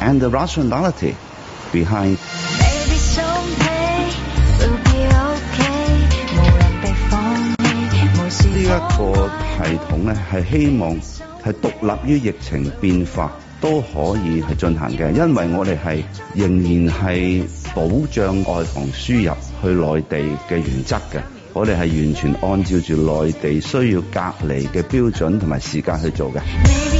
Speaker 6: And the rationality behind
Speaker 4: the
Speaker 6: 呢一個系統咧，係希望係獨立於疫情變化都可以係進行嘅，因為我哋係仍然係保障外防輸入去內地嘅原則嘅，我哋係完全按照住內地需要隔離嘅標準同埋時間去做嘅。
Speaker 5: Maybe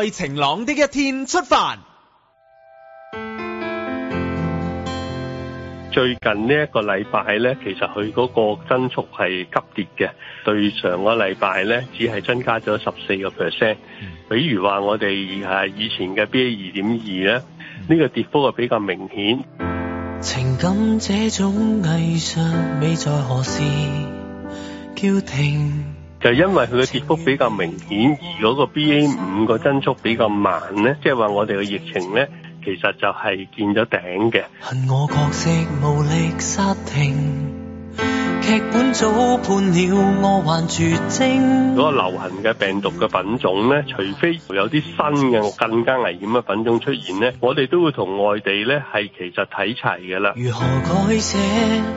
Speaker 3: 為晴朗的一天出發。
Speaker 5: 最近呢一個禮拜咧，其實佢嗰個增速係急跌嘅，對上個禮拜咧只係增加咗十四個 percent。比如話我哋係以前嘅 B A 二點二咧，呢個跌幅啊比較明顯。情感這種
Speaker 6: 藝
Speaker 5: 就是、因為佢嘅跌幅比較明顯，而嗰個 BA 五個增速比較慢咧，即係話我哋嘅疫情咧，其實就係見咗頂
Speaker 3: 嘅。劇本早判了，我患絕症。
Speaker 5: 嗰、那個、流行嘅病毒嘅品種咧，除非有啲新嘅更加危險嘅品種出現咧，我哋都會同外地咧係其實睇齊嘅啦。如何
Speaker 3: 改寫？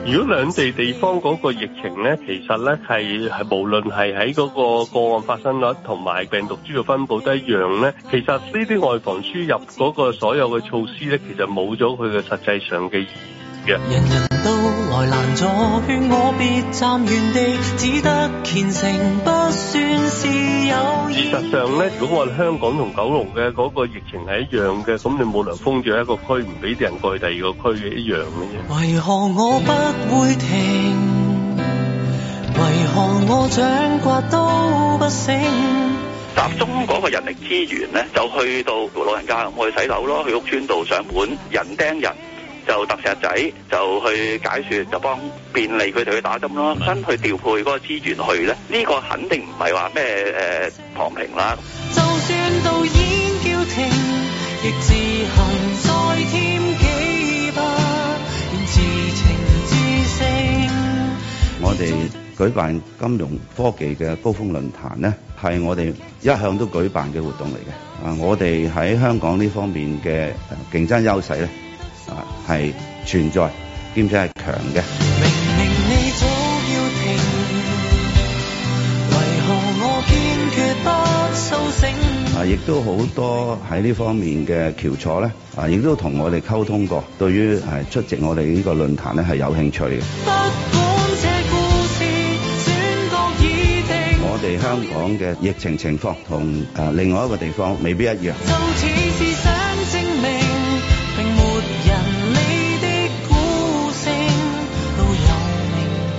Speaker 5: 如果兩地地方嗰個疫情咧，其實咧係係無論係喺嗰個個案發生率同埋病毒主要分布都一樣咧，其實呢啲外防輸入嗰個所有嘅措施咧，其實冇咗佢嘅實際上嘅意義。人人都來難阻勸我別站原地，只得虔誠。不算是有意，事實上呢，如果話香港同九龍嘅嗰個疫情係一樣嘅，噉你冇理由封住一個區，唔畀啲人過去第二個區一樣嘅啫。呢樣
Speaker 4: 為何我不會停？為何我掌摑都
Speaker 6: 不醒？集中嗰個人力資源呢，就去到老人家，我去洗樓囉，去屋邨度，上門，
Speaker 5: 人盯人。就揼石仔，就去解説，就幫便利佢哋去打針
Speaker 3: 咯，真去調配嗰個資源去咧，呢個肯定唔係話咩誒旁評啦。
Speaker 6: 我哋舉辦金融科技嘅高峰論壇咧，係我哋一向都舉辦嘅活動嚟嘅。啊，我哋喺香港呢方面嘅競爭優勢咧。係存在，兼且係強嘅。
Speaker 4: 明明你早要停為何我堅決不收聲啊，
Speaker 6: 亦都好多喺呢方面嘅翹楚咧，啊，亦都同、啊、我哋溝通過，對於係出席我哋呢個論壇咧係有興趣
Speaker 4: 嘅。我哋
Speaker 6: 香港嘅疫情情況同啊另外一個地方未必一
Speaker 4: 樣。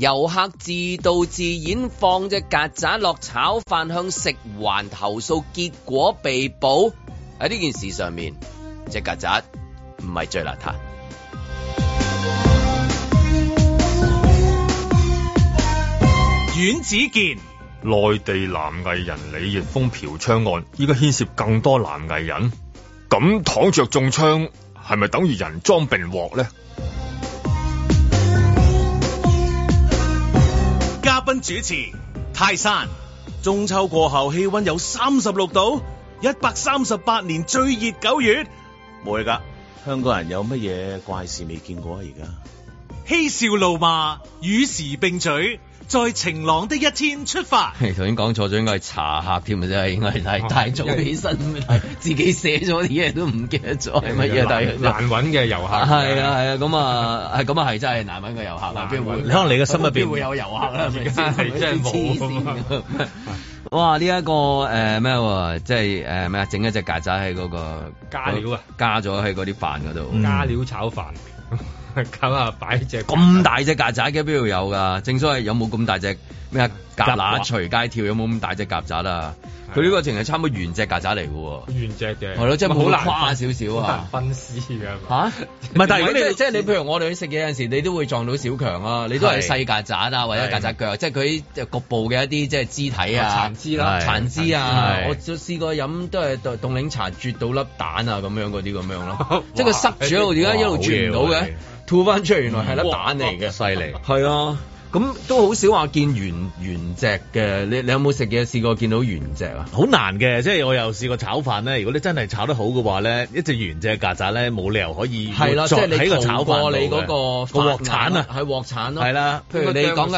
Speaker 1: 遊客自導自演放隻曱甴落炒飯向食環投訴，結果被捕。喺呢件事上面，隻曱甴唔係最邋遢。
Speaker 2: 阮子健，內地男藝人李易峰嫖娼案，依家牽涉更多男藝人。咁躺着中槍，係咪等於人贓並獲呢？
Speaker 3: 主持泰山中秋過後氣温有三十六度，一百三十八年最熱九月，冇嘢噶，香港人有乜嘢怪事未見過啊？而家。嬉笑怒罵，與時並嘴，在晴朗的一天出發。頭
Speaker 1: 先講錯咗，應該係查客添啊，真係應該係大早起
Speaker 3: 身，啊，自己寫咗啲嘢都唔記得咗係乜嘢，但係難
Speaker 2: 揾嘅遊客。係啊係啊，
Speaker 1: 咁啊咁啊係真係難揾嘅遊客。難揾，可能、啊、你嘅心入邊會有遊客啦。而家係真係黐線。哇！呢、這、一個誒咩、呃啊？即係誒咩？整、呃、一隻曱甴喺嗰個加料啊，加咗喺嗰啲飯嗰度，加料炒飯。咁啊！擺隻咁大隻曱甴喺邊度有㗎？正所謂有冇咁大隻咩啊？蛤乸隨街跳有冇咁大隻曱甴啊？佢呢個淨係差唔多原隻曱甴嚟嘅
Speaker 2: 喎，原隻嘅係咯，即係好難跨
Speaker 1: 少少啊，難
Speaker 2: 分屍嘅吓？
Speaker 1: 唔、啊、係，但係如果你 即係你譬如我哋去食嘢嗰陣時候，你都會撞到小強啊，你都係細曱甴啊，或者曱甴腳，即係佢局部嘅一啲即係肢體啊、殘肢啦、殘肢啊。啊啊我都試過飲都係凍檸茶啜到粒蛋啊咁樣嗰啲咁樣咯、啊， 即係佢塞住喺度，點解一路啜唔到嘅，吐翻出嚟原來係粒蛋嚟嘅，犀利係啊。咁都好少話
Speaker 3: 見原原隻嘅，你有冇食嘢試過見到原隻啊？好難嘅，即係我又試過炒飯呢。如果你真係炒得好嘅話呢，一隻原隻曱甴呢，冇理由可以係啦，即係你炒過你嗰個個鑊鏟啊，
Speaker 1: 係鑊鏟咯，係啦。譬如你講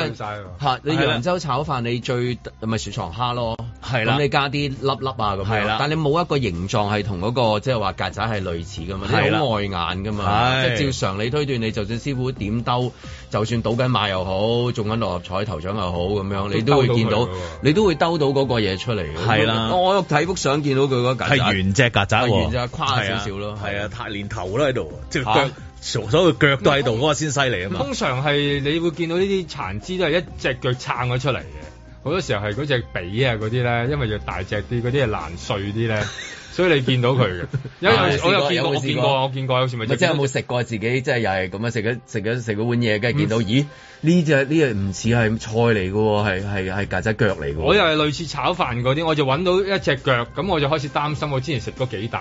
Speaker 1: 緊你揚州炒飯你最咪雪藏蝦囉，係啦。咁你加啲粒粒呀咁樣，但係你冇一個形狀係同嗰個即係話曱甴係類似㗎嘛，你好外眼㗎嘛。即係照常理推斷，你就算師傅點兜。就算賭緊馬又好，中緊六合彩頭獎又好，咁、嗯、樣你都會見到，都到你都會兜到嗰個嘢出嚟。係啦、啊，我睇幅相
Speaker 3: 見到佢個曱甴係原隻曱甴喎，係啊，誇少少
Speaker 2: 咯，係啊，連頭都喺度，即
Speaker 1: 係
Speaker 3: 傻所有腳都喺度，嗰、啊嗰個先犀利啊嘛。通
Speaker 2: 常係你會見到呢啲殘肢都係一隻腳撐咗出嚟嘅，好多時候係嗰隻髀啊嗰啲咧，因為就大隻啲，嗰啲係難碎啲咧。 所以你見到佢嘅，因為我，我有見過，見過我見過，我見過，我見過有時咪。唔係即係有冇食過
Speaker 1: 自己，即係又係咁樣，食咗食咗食咗碗嘢，跟住見到，嗯、咦？呢隻呢隻唔似係菜
Speaker 2: 嚟嘅喎，係係係曱甴腳嚟嘅喎。我又係類似炒飯嗰啲，我就揾到一隻腳，咁我就開始擔心我之前食咗幾啖。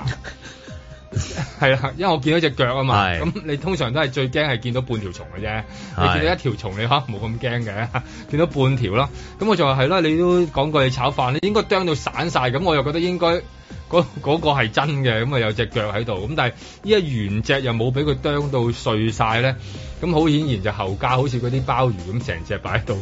Speaker 2: 係 啦，因為我見到隻腳啊嘛。係。咁你通常都係最驚係見到半條蟲嘅啫。你
Speaker 6: 見到一
Speaker 2: 條蟲，你可能冇咁驚嘅。見到半條啦，咁我就話係啦。你都講過你炒飯，你應該啄到散晒。咁我又覺得應該。嗰嗰個係真嘅，咁啊有隻腳喺度，咁但係依一原隻又冇俾佢啄到碎晒咧。咁好顯然就後加好似嗰啲鮑魚咁成隻擺喺度，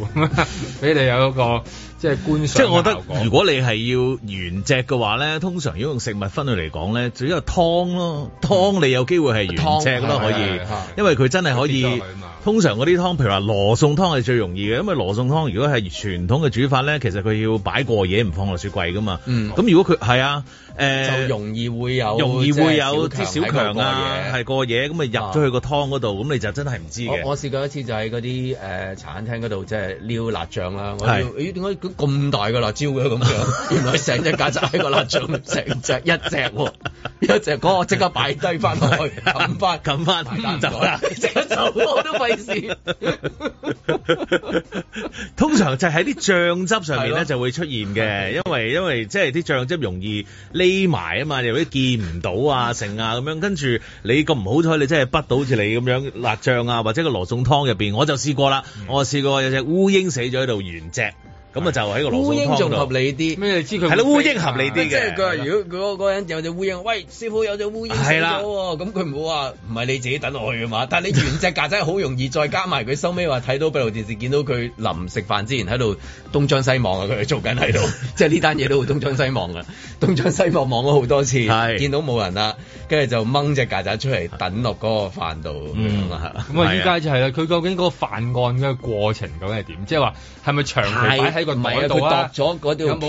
Speaker 3: 俾 你有一個即係、就是、觀賞。即係我覺得，如果你係要原隻嘅話咧，通常如果用食物分類嚟講咧，主要係湯咯，湯你有機會係原隻咯，可以，嗯、因為佢真係可以。可以通常嗰啲湯，譬如話羅宋湯係最容易嘅，因為羅宋湯如果係傳統嘅煮法咧，其實佢要擺過夜，唔放落雪櫃噶嘛。咁、嗯嗯、如果佢係啊、呃，就容易會有容易會有啲小、小強啊，係過夜咁啊，入咗去個湯嗰度，咁你就真係。我我試過一
Speaker 1: 次就是那些，就喺嗰啲誒茶餐廳嗰度，即係撩辣醬啦。我咦，點解咁
Speaker 3: 大個辣椒嘅咁樣？原來成隻曱甴喺個辣醬，成隻一隻，一隻嗰、喔那個、我即刻擺低翻落去，揼翻揼翻芥汁啦，即、啊、刻走 我都費懶事。 通常就喺啲醬汁上面咧 就會出現嘅， 因為因為即係啲醬汁容易匿埋啊嘛，你啲見唔到啊剩啊咁樣，跟住你咁唔好彩，你真係畢到好似你咁樣辣醬啊！或者個羅宋湯入邊，我就試過啦、嗯，我試過有隻烏蠅死咗喺度原隻。原咁啊就喺個老蘇康烏蠅仲合理啲，咩你知佢係咯，烏蠅合理啲嘅。即係佢
Speaker 1: 話，如果嗰個人有隻烏蠅，喂，師傅有隻烏蠅死咗，咁佢唔會話唔係你自己等落去嘅嘛？但係你全隻曱甴好容易再加埋佢，收尾話睇到閉路電視，見到佢臨食飯之前喺度東張西望啊！佢做緊喺度， 即係呢單嘢都會東張西望啊！東張西望望咗好多次，見到冇人啦、啊，跟住就掹隻曱甴出嚟等落嗰個飯
Speaker 3: 度。咁、嗯、係。咁依家
Speaker 2: 就係、是、啦，佢究竟嗰個犯案嘅過程究竟係點？即係話係咪長
Speaker 3: 期呢個唔係啊！佢度咗
Speaker 2: 嗰條橋，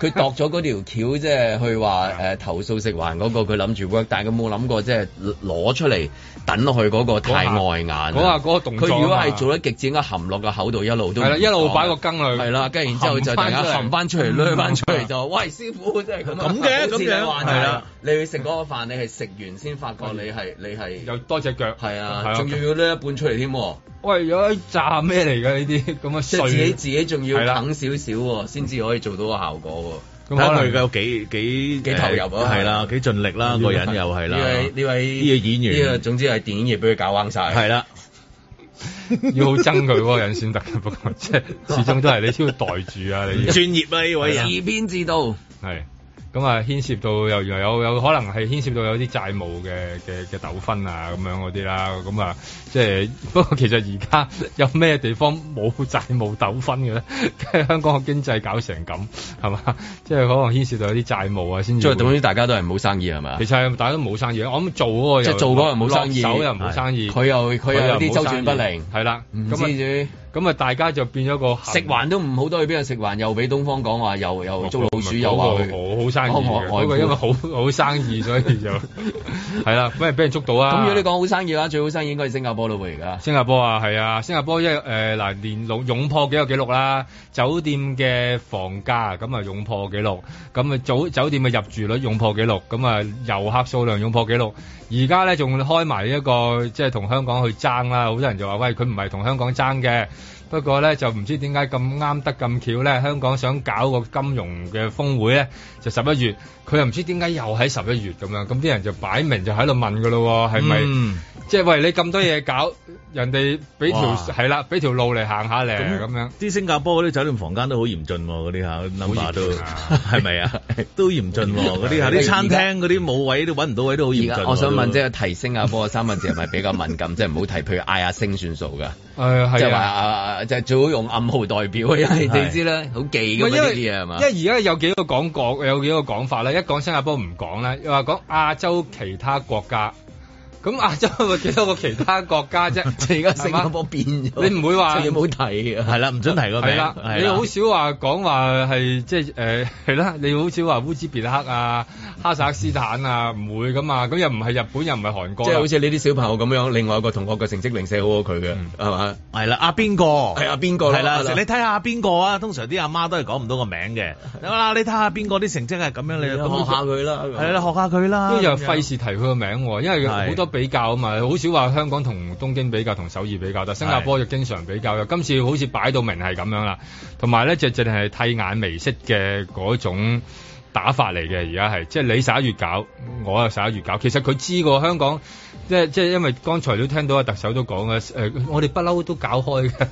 Speaker 2: 佢度咗嗰條橋，即係去
Speaker 1: 話，誒，投訴食環嗰個，佢諗住 work，但係佢冇諗過，即係攞出嚟。等落去嗰個太外眼，嗰個嗰個動作。佢如果係做咗極致嘅含落個口度一路都係啦，一路擺個
Speaker 2: 羹嚟。係啦，跟住然之後就大家含翻出嚟，翻出嚟就
Speaker 1: 話：喂，師傅，即係咁樣。咁嘅咁嘅係啦。你食嗰、就是、個飯，你係食完先發覺你係你係
Speaker 2: 有多隻腳。係啊，仲要要一半出嚟添。喂，如果炸咩嚟㗎？呢啲咁嘅即係自己
Speaker 1: 自己仲要等少少先至可以做到個效果喎。
Speaker 2: 咁可能佢有
Speaker 1: 幾幾幾投入啊！係啦，
Speaker 2: 啊啊，幾盡力啦，
Speaker 1: 啊，個人又係啦。呢，啊、位呢位呢位，這個，演員呢個
Speaker 2: 總之係電影業俾佢搞彎晒。係啦，啊， 要好憎佢個人先得，不過即係始終都係你先要 袋住啊！你專業啊，
Speaker 1: 呢位人自編自導
Speaker 2: 係。咁啊，牽涉到又又有有可能係牽涉到有啲債務嘅嘅嘅糾紛啊，咁樣嗰啲啦。咁啊，即係不過其實而家有咩地方冇債務糾紛嘅咧？即 係香港個經濟搞成咁，係嘛？即係可能牽涉到有啲債務啊，先即係等於大家都係冇生意係咪？其實大家都冇生意，我諗做嗰個即係、就是、做嗰個冇生意，手又冇生意，佢又佢又有啲周轉不靈，係啦，唔知點。嗯咁啊，大家就變咗個食環都唔好多去邊度，食環又俾東方講話，又又捉老鼠，哦、又話、那個、好好生意、啊啊啊啊、因為因為好好生意 所以就係啦，俾人俾人捉到啊！咁如果你講好生
Speaker 1: 意嘅話，最好生意應該係新加坡咯，會而家
Speaker 2: 新加坡啊，係啊，新加坡一誒嗱、呃，連攏擁、呃、破幾個記錄啦，酒店嘅房價咁啊擁破記錄，咁啊早酒店嘅入住率擁破記錄，咁啊遊客數量擁破記錄，而家咧仲開埋一個即係同香港去爭啦，好多人就話喂，佢唔係同香港爭嘅。不過咧就唔知點解咁啱得咁巧咧，香港想搞個金融嘅峰會咧，就十一月，佢又唔知點解又喺十一月咁樣，咁啲人就擺明就喺度問㗎咯，係咪、嗯？即係喂，你咁多嘢搞， 人哋俾條係啦，俾條路嚟行下咧咁樣。
Speaker 3: 啲新加坡啲酒店房間都好嚴峻喎，嗰啲嚇 number 都係咪啊？都嚴峻喎、啊，嗰啲嚇啲餐廳嗰啲冇位都揾唔到位都好嚴峻、啊。我想問即係提新加坡，嗰個三文字係咪比較
Speaker 1: 敏感？即係唔好提，譬如嗌下星算數㗎。即係話。 就係、是、最好用暗號代表，因為你知啦，好記嗰啲嘢係嘛？因為而
Speaker 2: 家有幾個講國，有幾個講法啦。一講新加坡唔講啦，又話講亞洲其他國家。咁亞洲咪幾多個其他國家啫？而家成波
Speaker 1: 變咗 不會 有， 你唔會話，你
Speaker 2: 冇提嘅，係啦，唔准提個名。係啦，你好少話講話係即係誒係啦，你好少話烏茲別克啊、哈薩克斯坦啊，唔會噶嘛。咁又唔係日本，又唔係韓國。即係好似
Speaker 1: 呢啲小朋友咁樣，
Speaker 3: 另外一個同學嘅成績零舍好過佢嘅，係、嗯、嘛？係啦，阿邊個？係阿邊個？係啦，啊啊、你睇下阿邊個啊？通常啲阿媽，媽都係講唔到個名嘅。咁啊，你睇下邊個啲成績係咁樣？你學下佢啦。係啦，學下佢啦。呢又費事提佢個名喎，因為好多。比較啊嘛，好少話
Speaker 2: 香港同東京比較，同首爾比較。但新加坡就經常比較，嘅。今次好似擺到明係咁樣啦，同埋咧就淨係剃眼眉式嘅嗰種打法嚟嘅而家係，即係你十一月搞，我又十一月搞。其實佢知過香港，即係即係因為剛才都聽到阿特首都講嘅、呃，我哋不嬲都搞開嘅，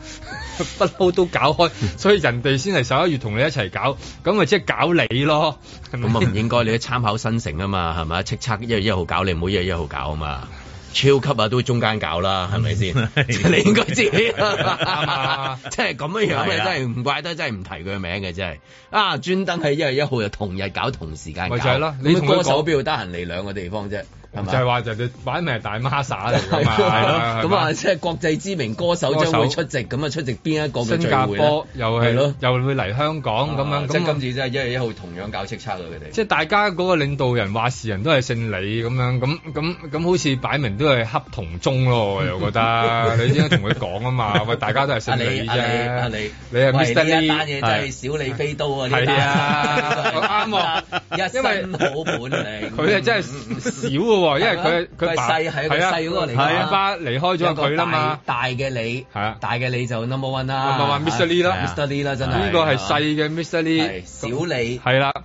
Speaker 2: 不 嬲都搞開，所以人哋先係十一月同你一齊搞，咁咪即係搞你咯。咁啊唔應該，你
Speaker 1: 都參考新城啊嘛，係咪？叱咤一月一號搞，你唔好一月一號搞啊嘛。超級啊，都中間搞啦，係咪先？
Speaker 4: 你 是的 應該知，
Speaker 1: 即係咁樣嘅，真係唔怪得真，真係唔提佢嘅名嘅，真係啊，專登喺一月一號又同日搞同時間搞，咪就係咯。你歌手邊度得閒嚟兩個地方啫？就係、是、話就你擺明係大媽撒嚟㗎嘛，咁啊即係國際知名歌手將會出席，咁啊出席邊一個嘅聚會
Speaker 2: 又係咯，又會嚟香港咁、啊、樣。即係今次真係一月一號同樣搞叱咤。㗎佢哋。即係大家嗰個領導人話事人都係姓李咁樣，咁咁咁好似擺明都係黑同宗咯， 我又覺得你應該同佢講啊嘛，喂大家都係姓李啫、 啊啊啊啊啊啊。你 Lee，李阿李阿李，你係 Mr. 李，係
Speaker 6: 小李飛刀嗰啲。係啊，啱 啊，啊啊 啊啊 啊啊 一身好本領佢係真係
Speaker 2: 少。 啊啊因為佢佢細係佢細嗰個嚟噶，巴、啊啊、離開咗佢啦嘛，大
Speaker 1: 嘅你係啊，大嘅你就 number one 啦，唔係、啊、話 Mr. Lee 啦、啊、Mr. Lee 啦真係，呢、啊這個係細
Speaker 2: 嘅 Mr. Lee 小李係啦、啊，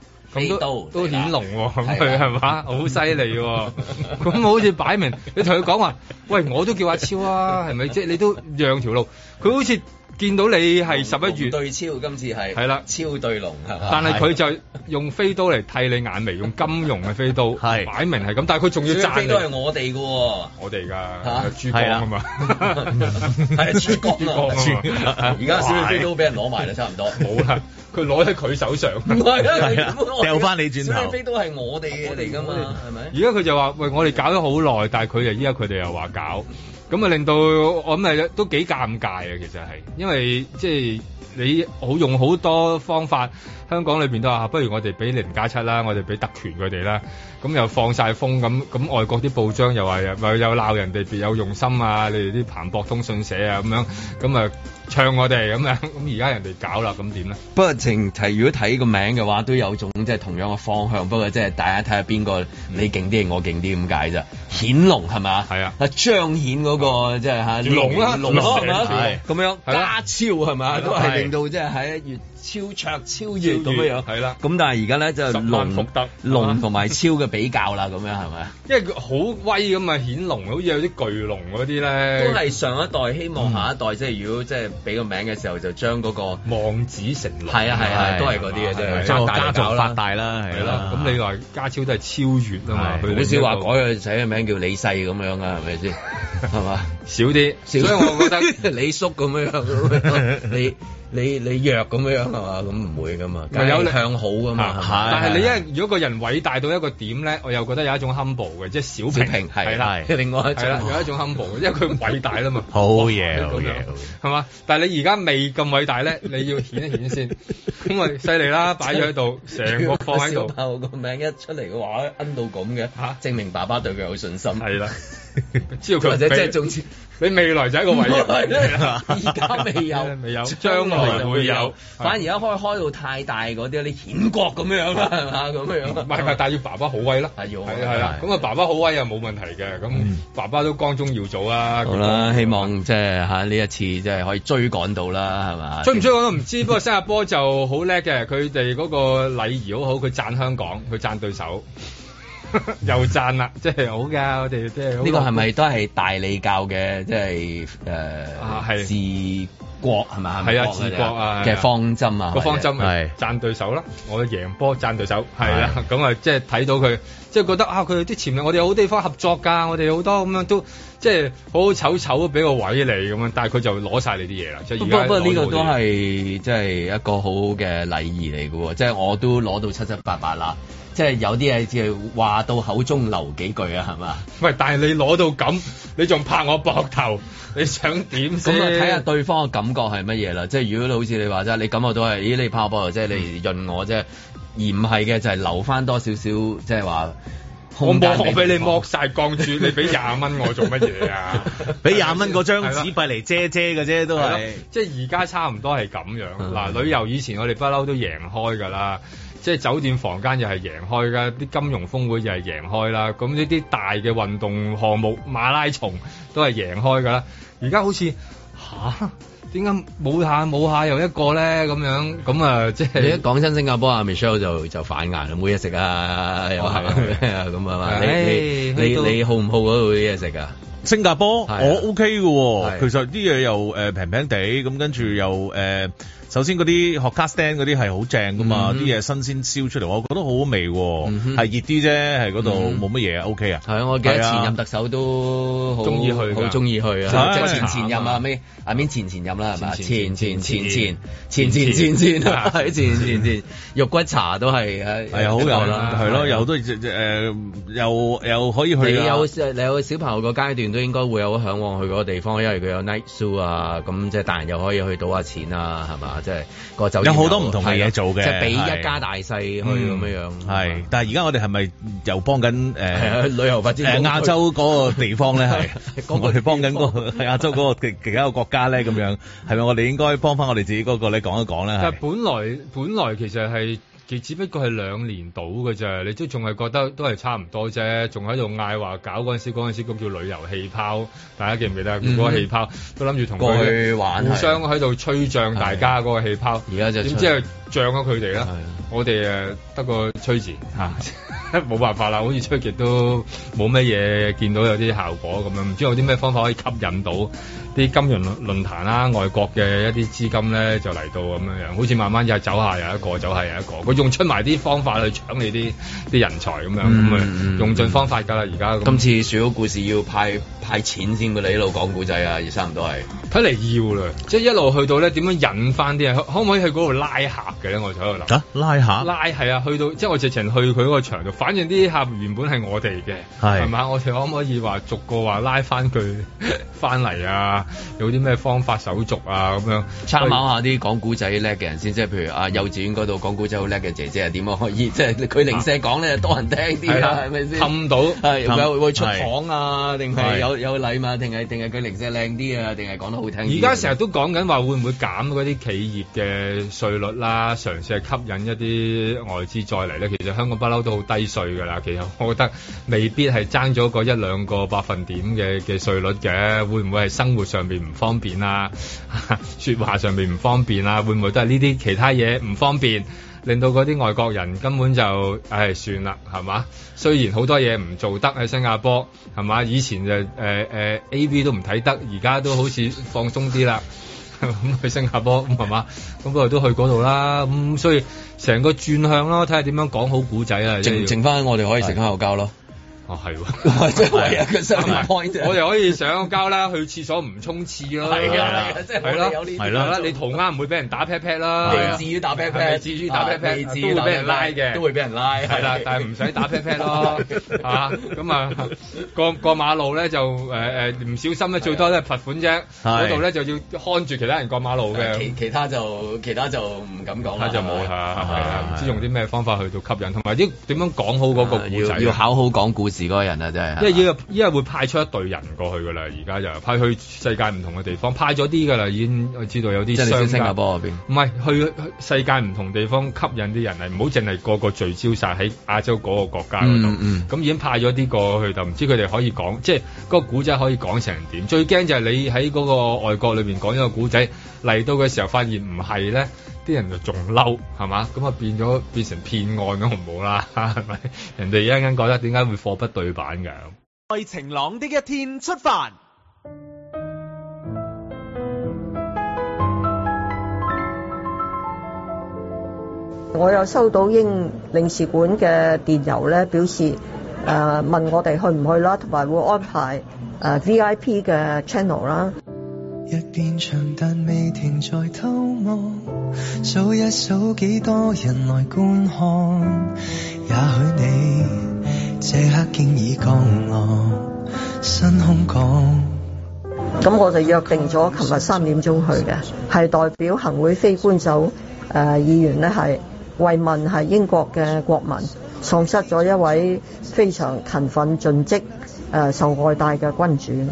Speaker 2: 都都顯龍喎、哦，咁佢係嘛， 啊啊啊哦、 好犀利喎，咁我好似擺明你同佢講話，喂我都叫阿超啊，係咪即係你都讓條路，佢好似。見到你係十一月對超，今次係係啦超對龍，係但係佢就用飛刀嚟剃你眼眉，的用金融嘅飛刀係擺明係咁，但係佢仲要炸，係飛刀係
Speaker 1: 我哋嘅、啊，我哋噶、啊、珠江啊嘛，係、
Speaker 2: 嗯嗯、珠江咯、啊，而家、啊啊、飛刀俾人攞埋啦，差唔多冇啦，佢攞喺佢手上，掉 翻、啊、你轉頭，小飛
Speaker 6: 刀係
Speaker 1: 我哋我哋㗎嘛，係咪？
Speaker 2: 而家佢就話：喂，我哋搞咗好耐，但係佢就依家佢哋又話搞。咁啊令到我諗係都幾尷尬啊，其實係，因為即係、就是、你好用好多方法。香港裏邊都話不如我哋俾零加七啦，我哋俾特權佢哋啦，咁又放晒風咁，咁外國啲報章又話又又鬧人哋別有用心啊，你哋啲彭博通訊社啊咁樣，咁啊唱我哋咁樣，咁而家人哋搞啦，咁點咧？
Speaker 1: 不過前提如果睇個名嘅話，都有種即係、就是、同樣嘅方向，不過即係大家睇下邊個你勁啲，我勁啲咁解咋？顯龍係咪？係啊，張那個就是、啊彰顯嗰個即係吓龍啦，龍蛇係咁樣、啊，家超係咪啊都係令到即係喺一超卓超越咁樣樣，係啦。咁但係而家咧就龍同埋超嘅比較啦，咁樣係咪啊？
Speaker 2: 因為佢好威咁啊，顯龍好似有啲巨龍嗰啲咧。都係
Speaker 1: 上一代希望下一代，嗯、即係如果即係俾個名嘅時候，就將嗰、那個望子成龍。係啊係呀、啊啊，都係嗰啲嘅即係家族發大啦。係啦、啊，咁、啊啊、你
Speaker 2: 話家超都係超越啊嘛？好少話改佢
Speaker 1: 寫嘅名叫李世咁樣噶、啊，係咪先？係
Speaker 2: 嘛、啊？少 啲。所以，我覺
Speaker 1: 得李叔咁樣你。 你你弱咁樣啊 嘛，咁唔會噶
Speaker 2: 嘛，有向
Speaker 1: 好噶嘛，但係你
Speaker 2: 一如果個人偉大到一個點咧，我又覺得有一種 humble 嘅，即係小平小平係啦，另外一種有一種 humble， 因為佢偉大啦嘛。
Speaker 3: 好嘢，好嘢，
Speaker 2: 係嘛？但係你而家未咁偉大咧， 你要顯一顯先，咁咪犀利啦！擺咗喺度，成 個放喺度， 小包個名一出
Speaker 1: 嚟嘅話，恩到咁嘅、啊、證明爸爸對佢有信心係啦。 知道佢或者即係總
Speaker 2: 之，你未來就係一個位，而家 未有，未有，將來會有。反而一開 開到太大嗰啲，顯角咁樣啦，係嘛咁樣。唔 係， 但要爸爸好威咯，係要係啦。咁啊，爸爸好威又冇問題嘅。咁、嗯、爸爸都光宗耀祖、啊、好啦。咁
Speaker 1: 啦，希望即係吓呢一次即係可以追趕到啦，係嘛？追唔
Speaker 2: 追到都唔知道。不 過新加坡就好叻嘅，佢哋嗰個禮儀好好，佢讚香港，佢讚對手。 又讚啦，即係好噶，我哋即係呢個係咪都係大理教嘅，即係誒、呃啊、治國係咪？係啊，治國啊嘅方針啊，個方針係讚對手啦，我贏波讚對手係啦，咁啊即係睇到佢，即係覺得啊，佢啲前面我哋有好多地方合作㗎，我哋好多咁樣都即係好好醜醜俾個位你咁樣，但係佢就攞晒你啲嘢啦。不不，不，不，呢個都係
Speaker 1: 即係一個好嘅禮儀嚟嘅喎，即係我都攞到七七八八啦。即係有啲嘢，係話到口中留幾句啊，係嘛？
Speaker 2: 喂！但係你攞到咁，你仲拍我膊頭，你想點先？咁啊，睇下
Speaker 1: 對方嘅感覺係乜嘢啦。即係如果好似你話齋你感覺到係，咦、欸？你拍我膊頭即係你潤我啫，嗯、而唔係嘅就係、是、留翻多少少，即係話。
Speaker 6: 我剝俾你
Speaker 1: 剝
Speaker 2: 曬光柱， 你俾廿蚊
Speaker 1: 我做乜嘢啊？
Speaker 3: 俾廿蚊嗰張紙
Speaker 2: 幣嚟遮遮嘅啫，都係。即係而家差唔多係咁樣。嗱、呃，旅遊以前我哋不嬲都贏開㗎啦。即係酒店房間又係贏開噶，啲金融峰會又係贏開啦。咁呢啲大嘅運動項目馬拉松都係贏開噶啦。而家好似吓，點解冇下冇下又一個咧？咁樣咁啊、嗯，即係你一講親新加坡啊，Michelle 就就反眼、啊，啊，冇嘢食啊，
Speaker 1: 又
Speaker 3: 嚇咁啊你 hey, 你 hey, 你、hey. 你,你
Speaker 1: 好唔好嗰度啲嘢食啊？
Speaker 3: 新加坡、啊、我 OK 喎、哦啊。其實啲嘢又平平地，咁跟住又、呃首先嗰啲學卡 stand 嗰啲係好正噶嘛，啲、mm-hmm. 嘢新鮮燒出嚟，我覺得好好味喎，係熱啲啫，係嗰度冇乜嘢，OK 啊。係、mm-hmm. 啊、mm-hmm. okay？我記得前任特首都
Speaker 1: 好，好中意去，喜歡去啊，即前前啊。前前任啊，咩？尾啊邊前前任啦，係嘛？前前前前前前前前前前前，肉骨茶都係係好有啦，係、哎、咯、啊，又都誒、
Speaker 3: 呃，又又，又可以去、啊。你有
Speaker 1: 你有小朋友個階段都應該會有嚮往去嗰個地方，因為佢有 night show 啊，咁即係大人又可以去賭下錢啊，係嘛？即
Speaker 3: 係個酒，有好多唔同嘅嘢做嘅，即係俾一家
Speaker 1: 大細去咁樣樣。
Speaker 3: 係，但係而家我哋係咪又幫緊誒旅遊發展？誒亞洲嗰個地方咧係，我哋幫緊嗰個係亞洲嗰個其其他嘅國家咧咁樣，係咪我哋應該幫翻我哋自己嗰個咧講一講咧？係。但係
Speaker 2: 本來本來其實係。其實只不過係兩年到嘅啫，你都仲係覺得都係差唔多啫，仲喺度嗌話搞嗰陣時，嗰陣時嗰叫旅遊氣泡，大家記唔記得嗰個氣泡？嗯、都諗住同佢玩，互相喺度吹漲大家嗰個氣泡。而家是現在就點知漲咗佢哋啦？我哋誒得個吹字嚇，冇、啊、辦法啦，好似吹極都冇乜嘢，見到有啲效果咁樣，唔知有啲咩方法可以吸引到。啲金融論壇啦，外國嘅一啲資金咧就嚟到咁樣樣，好似慢慢又走下又一個，走下又一個。佢用出埋啲方法去搶你啲啲人才咁、嗯、樣，咁啊用盡方法㗎啦！而家今次説好故事要派派錢先㗎，你一路講古仔啊，而差唔多係睇嚟要啦，即係一路去到咧點樣引翻啲啊？可唔可以去嗰度拉客嘅咧？我就喺度
Speaker 3: 諗嚇拉
Speaker 2: 客拉係啊，去到即係我直情去佢嗰個場度。反正啲客原本係我哋嘅，係係嘛？我哋可唔可以話逐個話拉翻佢翻嚟啊？有啲咩方法手續啊咁樣參考下啲講古仔叻
Speaker 1: 嘅人先，即係譬如啊幼稚園嗰度講古仔好叻嘅姐姐，點樣可以、啊、即係佢零舍講咧，多人聽啲啊，係咪先氹到係有會,會出行
Speaker 2: 啊，定係有有禮貌，定係定係佢零舍靚啲啊，定係講得好聽啲。而家成日都講緊話會唔會減嗰啲企業嘅稅率啦、啊，嘗試係吸引一啲外資再嚟咧。其實香港不嬲都好低稅㗎啦，其實我覺得未必係爭咗個一兩個百分點嘅嘅稅率嘅，會唔會係生活？上面唔方便啊，說話上面唔方便啊，會唔會都係呢啲其他嘢唔方便，令到嗰啲外國人根本就誒、哎、算啦，係嘛？雖然好多嘢唔做得喺新加坡，係嘛？以前就誒誒 AV 都唔睇得，而家都好似放鬆啲啦，咁 去新加坡咁係嘛？咁 不過都去嗰度啦，咁所以成個轉向咯，睇下點樣講好古仔啊！剩剩翻，我哋可以食下口交咯。 啊，喎對，即 啊， 我哋可以上交啦，去廁所唔沖廁咯，係 是的 啊，即係，啦，有呢啦，你圖啱唔會俾人打劈劈 t 啦，你至於打劈 a 你至於打劈 a 你至於 t 會俾人拉嘅，都會俾人拉，係啦，但係唔使打劈劈 t 咯，咁 啊，過馬路咧就誒誒唔小心咧最多呢罰款啫，嗰度咧就要看住其他人過馬路嘅，其其他就其他就唔敢講就冇啦，係啊，唔知用啲咩方法去到吸引，同埋啲點樣講好嗰個故仔，要考
Speaker 1: 好講故事。個人啊，真
Speaker 2: 係，因為依家依家會派出一隊人過去噶啦，而家就派去世界唔同嘅地方，派咗啲噶啦，已經知道有啲。即係新加坡嗰邊，唔係去世界唔同地方吸引啲人嚟，唔好淨係個個聚焦晒喺亞洲嗰個國家嗰度。咁、嗯嗯、已經派咗啲過去，就唔知佢哋可以講，即係個古仔可以講成點。最驚就係你喺嗰個外國裏邊講一個古仔嚟到嘅時候，發現唔係咧。啲人就仲嬲係嘛？咁啊變咗變成騙案咁唔好啦，係咪？人哋一陣間覺得點解會貨不對版㗎？為
Speaker 3: 晴朗的一天出發，
Speaker 4: 我又收到英領事館嘅電郵咧，表示誒、呃、問我哋去唔去啦，同埋會安排誒 VIP 嘅 channel 啦。一邊長但未停在偷望，數一數幾多人來觀看，也許你
Speaker 3: 即刻經
Speaker 4: 已降落新空港。咁我，我就約定咗，琴日，三點鐘去嘅，係代表行會非官守誒、呃、議員咧，係慰問係英國嘅國民，喪失咗一位非常勤奮盡職誒受愛戴嘅君主。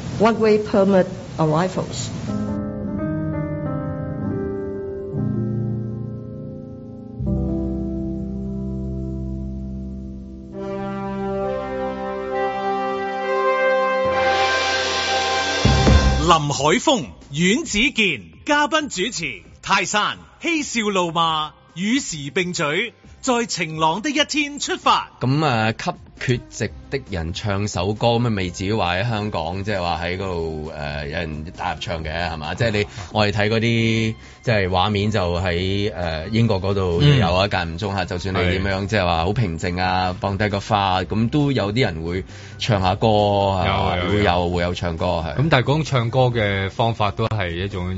Speaker 4: One-way permit arrivals。
Speaker 6: 林
Speaker 3: 海峰、阮子健，嘉賓主持，泰山嬉笑怒罵，與時並舉。在晴朗的一天出發。
Speaker 1: 咁啊、呃，給缺席的人唱首歌，咁啊未至於話喺香港，即係話喺嗰度誒有人大合唱嘅係嘛？即係你我哋睇嗰啲即係畫面就，就喺誒英國嗰度有啊間唔中下、嗯，就算你點樣即係話好平靜啊，放低個花，咁都有啲人會唱下歌，有有會有，有會有唱歌係。咁、嗯、
Speaker 2: 但係講唱歌嘅方法都係一種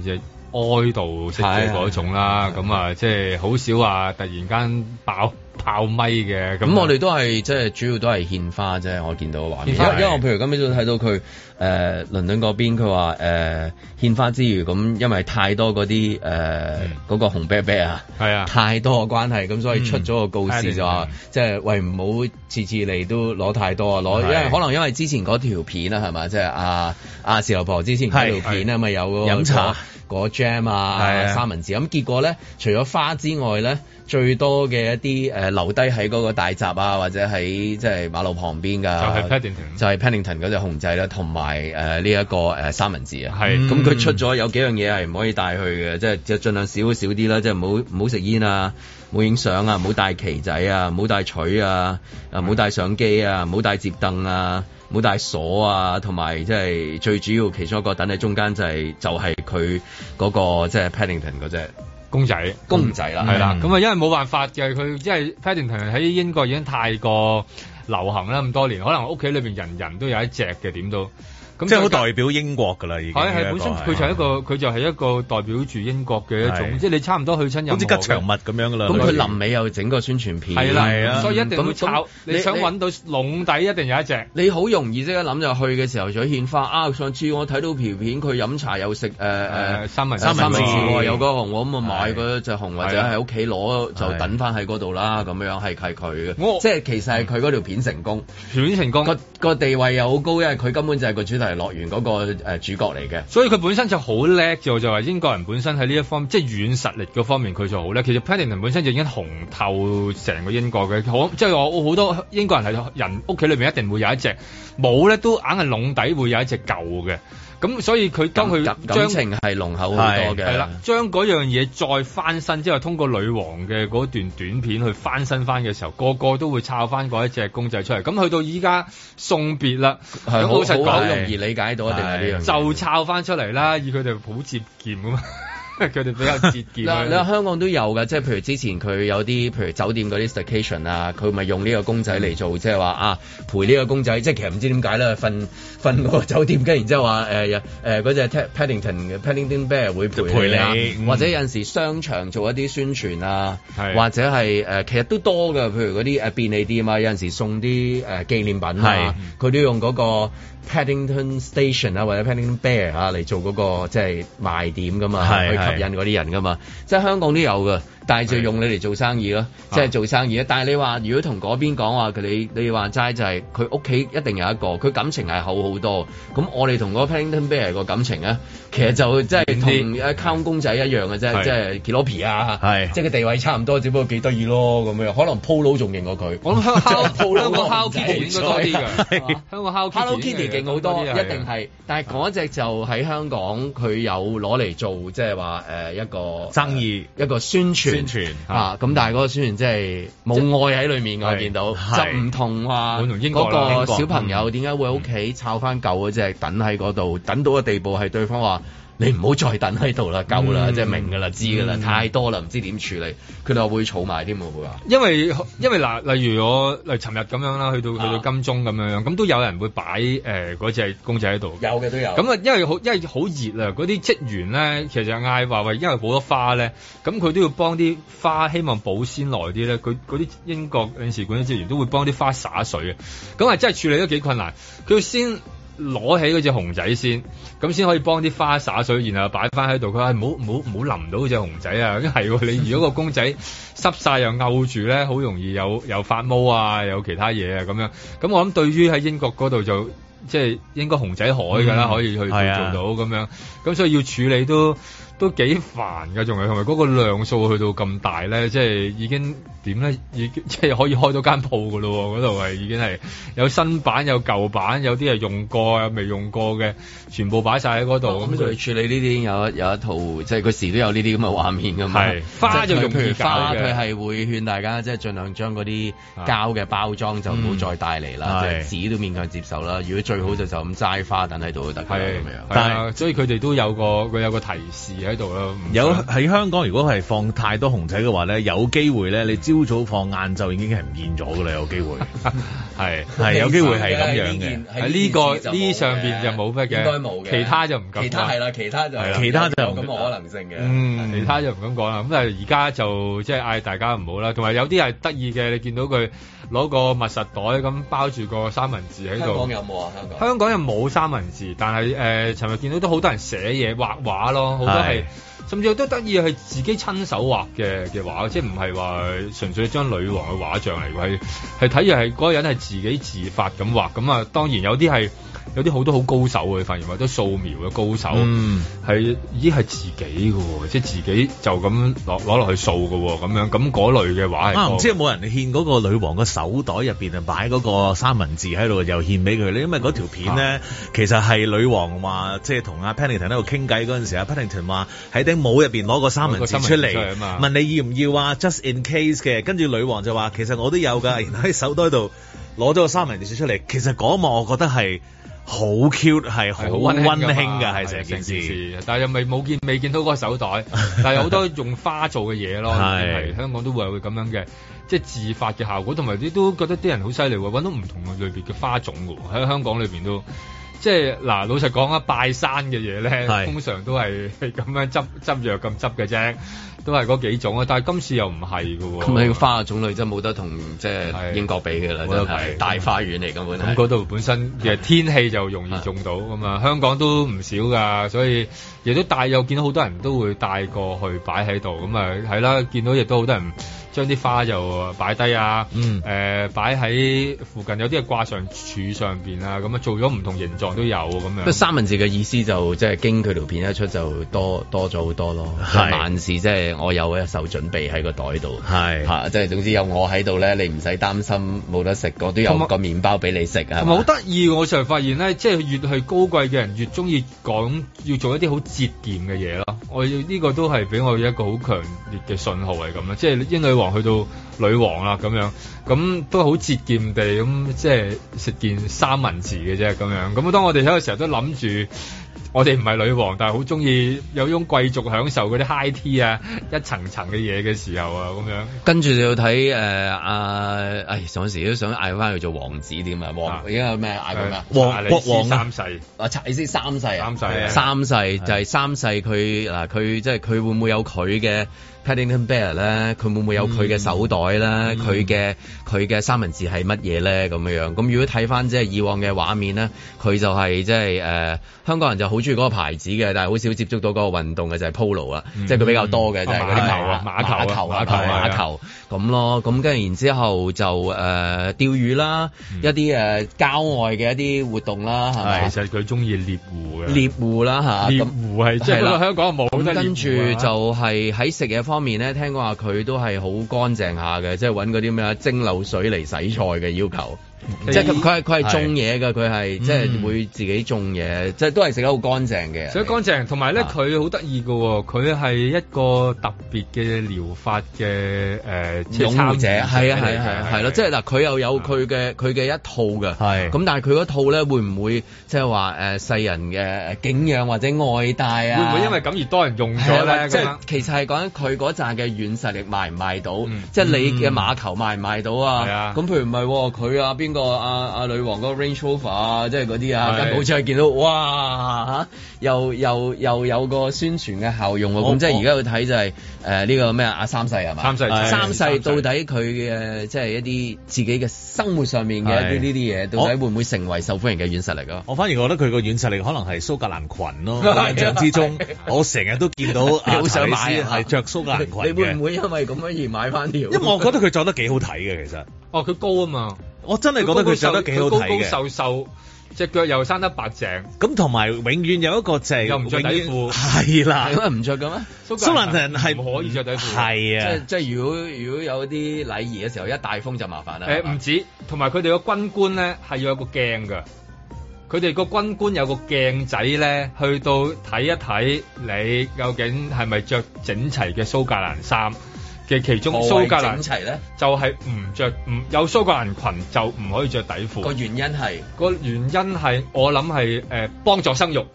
Speaker 2: 哀悼，即係嗰種啦，咁啊，即係好少啊，話突然間爆爆咪嘅。咁我哋都係即係主要都係獻花啫。我見到嘅話、啊，因為我譬如今日
Speaker 1: 都睇到佢誒、呃、倫敦嗰邊，佢話誒獻花之餘，咁因為太多嗰啲誒嗰個紅啤啤啊，啊，太多嘅關係，咁所以出咗個告示就話，即、嗯、係、嗯就是、喂唔好次次嚟都攞太多啊，攞因為可能因為之前嗰條片啦係咪，即係阿阿時老婆之前嗰條片啊咪、啊、有飲、那個、茶。jam 啊，三文治咁、嗯、結果咧，除咗花之外咧，最多嘅一啲誒、呃、留低喺嗰個大閘啊，或者喺即係馬路旁邊噶，就係、是、Pennington，就係、Pennington 嗰隻熊仔啦，同埋誒呢一個誒三文治啊，咁佢、嗯、出咗有幾樣嘢係唔可以帶去嘅，即係就儘、是、量少少啲啦，即係唔好唔好食煙啊，唔好影相啊，唔好帶旗仔啊，唔好帶錘啊，唔、嗯、好、啊、帶相機啊，唔好帶接凳啊。冇帶鎖啊，同埋即係最主要，其中一個等喺中間就係、是、就係佢嗰個
Speaker 2: 即係、就是、Paddington 嗰隻公仔，公仔啦，係啦。咁、嗯、啊，就因為冇辦法嘅，佢因為 Paddington 喺英國已經太過流行啦，咁多年，可能屋企裏面人人都有一隻嘅點都。即係好代表英國㗎啦，已經、係係。本身佢就係一個，佢就係一個代表住英國嘅一種，即係你差唔多去親有啲吉祥物咁樣㗎啦。咁佢臨尾又整個宣傳片。係啦、嗯嗯，所以一定要走、嗯。你想搵到籠底，一定有一隻。你好容易即刻諗入
Speaker 1: 去嘅時候獻花，獻花啊！上次我睇到片片，佢飲茶有食誒誒三文三文治，文治文治有個熊咁啊，我買嗰隻熊或者喺屋企攞就等翻喺嗰度啦。咁樣係係佢嘅，即係其實係佢嗰條片成功。片成功個個地位又好高，因為佢根本就係個主題。樂園嗰個誒主角嚟嘅。
Speaker 2: 所以佢本身就好叻，就就話英國人本身喺呢一方即係軟實力嗰方面佢就好叻。其實 Paddington 本身就已經紅透成個英國嘅，好即係、就是、我好多英國人喺人屋企裏面一定會有一隻，冇咧都硬係籠底會有一隻舊嘅。咁、嗯、所以佢今佢感情係濃厚好多嘅，係啦，將嗰樣嘢再翻身之後，通過女王嘅嗰段短片去翻身翻嘅時候，個個都會抄翻嗰一隻公仔出嚟。咁去到依家送別啦，好實，好實容易理解到啊！就抄翻出嚟啦，以佢哋好接見噶嘛。佢 哋比較節儉。 嗱，你話
Speaker 1: 香港都有嘅，即係譬如之前佢有啲，譬如酒店嗰啲 station 啊，佢咪用呢個公仔嚟做，即係話啊陪呢個公仔。即係其實唔知點解咧，瞓瞓嗰個酒店，跟住然之後話誒誒嗰隻 Paddington Paddington Bear 會陪你。陪你嗯、或者有陣時候商場做一啲宣傳啊，是或者係、呃、其實都多嘅。譬如嗰啲便利店啊，有陣時候送啲誒紀念品啊，佢、嗯、都用嗰個 Paddington Station 啊或者 Paddington Bear 啊嚟做嗰、嗰個即係、就是、賣點㗎嘛。吸引嗰啲人噶嘛，即係香港都有嘅。但係就用你嚟做生意咯，即係、就是、做生意，但係你話如果同嗰邊講話佢你，你話齋就係佢屋企一定有一個，佢感情係好好多。咁我哋同嗰 Paddington Bear 個感情咧，其實就即係同卡通公仔一樣嘅啫，即係 Kelopi 啊，即係個地位差唔多，只不過幾得意咯咁樣。可能 Polo 仲認過佢，我諗香港 Polo 個 Hello Kitty 多啲，
Speaker 3: 香港 Hello Kitty 勁好多，一定
Speaker 1: 係。但係嗰隻就喺香港，佢有攞嚟做即係話一個生意，一個宣傳。宣傳啊，咁但係嗰個宣傳即係冇愛喺裏面，就是，我見到就唔同話，嗰個小朋友點解會喺屋企摷翻舊，即係等喺嗰度，等到嘅地步係對方話。你唔好再等喺度啦，夠啦，嗯，即係明噶啦，知噶啦、嗯，太多啦，唔知點處理，佢哋話會儲埋添喎，因為
Speaker 2: 因為嗱，例如我，誒，尋日咁樣啦，去到，啊，去到金鐘咁樣，咁都有人會擺誒嗰隻公仔喺度，有嘅都有，咁啊，因為好因為好熱啊，嗰啲職員咧，其實就嗌話喂，因為好多花咧，咁佢都要幫啲花希望保鮮耐啲咧，佢嗰啲英國領事館啲職員都會幫啲花灑水啊，咁啊真係處理得幾困難，佢要先。攞起嗰隻熊仔先，咁先可以幫啲花灑水，然後擺翻喺度。佢話：唔好唔好唔好淋到嗰隻熊仔啊！咁係、啊，你如果個公仔濕晒又摳住咧，好容易又有，有發毛啊，又其他嘢啊咁樣。咁我諗對於喺英國嗰度就即係、就是、應該熊仔海㗎啦、嗯，可以去做到咁、啊、樣。咁所以要處理都。都幾煩㗎，仲係同埋嗰個量數去到咁大咧，即係已經點咧？已即係可以開到間鋪㗎咯。嗰度係已經係有新版有舊版，有啲係用過啊，未用過嘅，全部擺曬喺嗰度咁就去處理呢啲。有有一套即係嗰
Speaker 1: 時都有呢啲咁嘅畫面㗎嘛。花就容易花，佢係會勸大家即係儘量將嗰啲膠嘅包裝就唔好再帶嚟啦、嗯，即係紙都勉強接受啦。如果最好就就
Speaker 3: 咁齋花等喺度得㗎啦咁樣。所以佢哋都有個佢有個提示。
Speaker 2: 喺
Speaker 3: 度咯，有喺香港，如果係放太多熊仔嘅話咧，有機會咧，你朝早放，晏晝已經係唔見咗噶啦，有機會係係 有機會係咁樣嘅，呢、這個呢上邊就冇乜嘅，應該冇嘅，其他就唔其他係啦，其他就其他就咁可
Speaker 1: 能性
Speaker 2: 嘅，其他就唔敢講啦。咁但係，而家、嗯、就即係嗌大家唔好啦，同埋有啲係得意嘅，你見到佢攞個密實袋咁包住個三文治喺度。香港有冇啊？香港香港又冇三文治，但係誒，尋日見到都好多人寫嘢、畫畫咯，好多。甚至都得意係自己親手畫嘅嘅畫，即係唔係話純粹張女王嘅畫像嚟。喂，係睇住係嗰個人係自己自發咁畫，咁啊當然有啲係。有啲好多好高手嘅，發現或者素描嘅高手，係、嗯、已經係自己喎，
Speaker 3: 即係自己就咁攞攞落去掃嘅咁樣，咁嗰類嘅畫。唔、啊、知有冇人獻嗰個女王個手袋入面啊，啊，擺嗰個三文治喺度，又獻俾佢咧。因為嗰條片咧，其實係女王話，即係同阿 Pennington 喺度傾偈嗰陣時，阿 Pennington 話喺頂帽入面攞個三文治出嚟，問你要唔要啊？Just in case 嘅，跟住女王就話其實我都有㗎， 然後喺手袋度攞咗個三文治出嚟。其實嗰一幕我覺得係。好 cute，係好溫馨㗎。係成件，件事。
Speaker 2: 但係又未冇見未見到嗰個手袋， 但係好多用花做嘅嘢咯。係 香港都會有會咁樣嘅，即係自發嘅效果，同埋啲都覺得啲人好犀利喎，搵到唔同嘅類別嘅花種嘅喎。喺香港裏面都即係嗱，老實講啊，拜山嘅嘢咧， 通常都係咁樣執執藥咁執嘅啫。都係嗰幾種啊，但係今次又唔係嘅喎。咁你花嘅種類真係冇得同即係英國比嘅啦，都係大花園嚟嘅。咁嗰度本身嘅天氣就容易種到咁啊、嗯，香港都唔少㗎，所以亦都帶，又見到好多人都會帶過去擺喺度，咁啊係啦，見到亦都好多人。將啲花就擺低啊，誒擺喺附近，有啲係掛上柱上面啊，咁啊做咗唔同形狀都有咁樣。三
Speaker 1: 文治嘅意思就即係經佢條片一出就多多咗好多咯，萬事即係我有一手準備喺個袋度，係即係總之有我喺度咧，你唔使擔心冇得食，我都有個麵包俾你食啊。好
Speaker 2: 得意，我就發現咧，即係越係高貴嘅人越中意講要做一啲好節儉嘅嘢咯。我要呢個都係俾我一個好強烈嘅信號係咁啦，即係應該去到女王啦，咁樣咁都好節儉地咁，即係食件三文治嘅啫，咁樣咁當當我哋喺個時候都諗住，我哋唔係女王，但係好中意有種貴族享受嗰啲 high tea 啊，一層層嘅嘢嘅時候啊，咁樣跟住就要睇誒阿，
Speaker 1: 哎上時都想嗌翻佢做王子點呀？王而家有咩嗌佢啊？王國王，王三，世、啊、三世啊，查理斯三世、啊啊、三世、啊、三世就係三世佢嗱佢即係佢會唔會有佢嘅？Paddington Bear 咧，佢會唔會有佢嘅手袋咧？佢嘅佢嘅三文治係乜嘢咧？咁樣樣，咁，如果睇翻即係以往嘅畫面咧，佢就係即係誒香港人就好中意嗰個牌子嘅，但係好少接觸到嗰個運動嘅就係、是、Polo 啦、嗯，即係佢比較多嘅即係嗰啲球啊、馬球啊、球、馬球咁咯。咁跟住然之後就誒、呃、釣魚啦，嗯、一啲誒、呃、郊外嘅一啲活動啦，係其實佢中意獵狐嘅獵狐啦吓，獵狐係、啊啊、即係香港冇，跟住就係喺食嘢、啊、方。方面咧，聽講話佢都係好乾淨下嘅，即係揾嗰啲咩蒸餾水嚟洗菜嘅要求。
Speaker 2: 即係佢，佢係佢係種
Speaker 1: 嘢嘅，佢係即係會自己種嘢，嗯、即係都係食得好乾淨嘅。所
Speaker 2: 以乾淨，同埋咧佢好得意嘅喎，佢、啊、係一個特別嘅療法嘅誒、呃就是、擁護者，係啊係係
Speaker 1: 係咯，即係嗱佢又有佢嘅佢嘅一套嘅，係咁但係佢嗰套咧會唔會即係話誒世人嘅景仰或者愛戴啊是？會唔會因
Speaker 2: 為咁而多人用咗咧？即係
Speaker 1: 其實係講緊佢嗰陣嘅軟實力賣唔賣到，嗯、即係你嘅馬球賣唔賣到啊？咁譬如唔係佢啊邊？個阿阿女王個 Range Rover 啊，即係嗰啲啊，好似係見到哇吓，又又又有個宣傳嘅效用喎。咁、oh, 即係而家去睇就係誒呢個咩阿三世係嘛？三世、三世、三世、三世到底佢嘅即係一啲自己嘅生活上面嘅呢
Speaker 3: 啲嘢，到底會
Speaker 1: 唔會成為受歡迎嘅軟實力啊？Oh,
Speaker 3: 我反而覺得佢個軟實力可能係蘇格蘭裙咯， 印象之中， 我成日都見到阿克里斯係着蘇格蘭裙，你，啊、裙 你會唔會
Speaker 2: 因為咁樣而買翻條？
Speaker 1: 因為我覺
Speaker 3: 得佢着得幾好睇嘅，其實哦，佢、啊、高啊嘛。我真係覺得佢著得幾好睇嘅，高高瘦
Speaker 2: 瘦，隻腳又生得白
Speaker 3: 淨。咁同埋永遠有一個淨，又唔著底褲，係啦，唔著㗎咩？蘇格蘭人係唔可以著底褲，係啊，即係即係，如果
Speaker 2: 如果有啲禮儀嘅時候，一大風就麻煩啦。誒，唔止，同埋佢哋個軍官咧係要有個鏡嘅，佢哋個軍官有個鏡仔咧，去到睇一睇你究竟係咪著整齊嘅蘇格蘭衫。嘅其中蘇格蘭就係唔著唔有蘇格蘭裙就唔可以著底褲。個原因係個原因係我諗係誒幫助生育，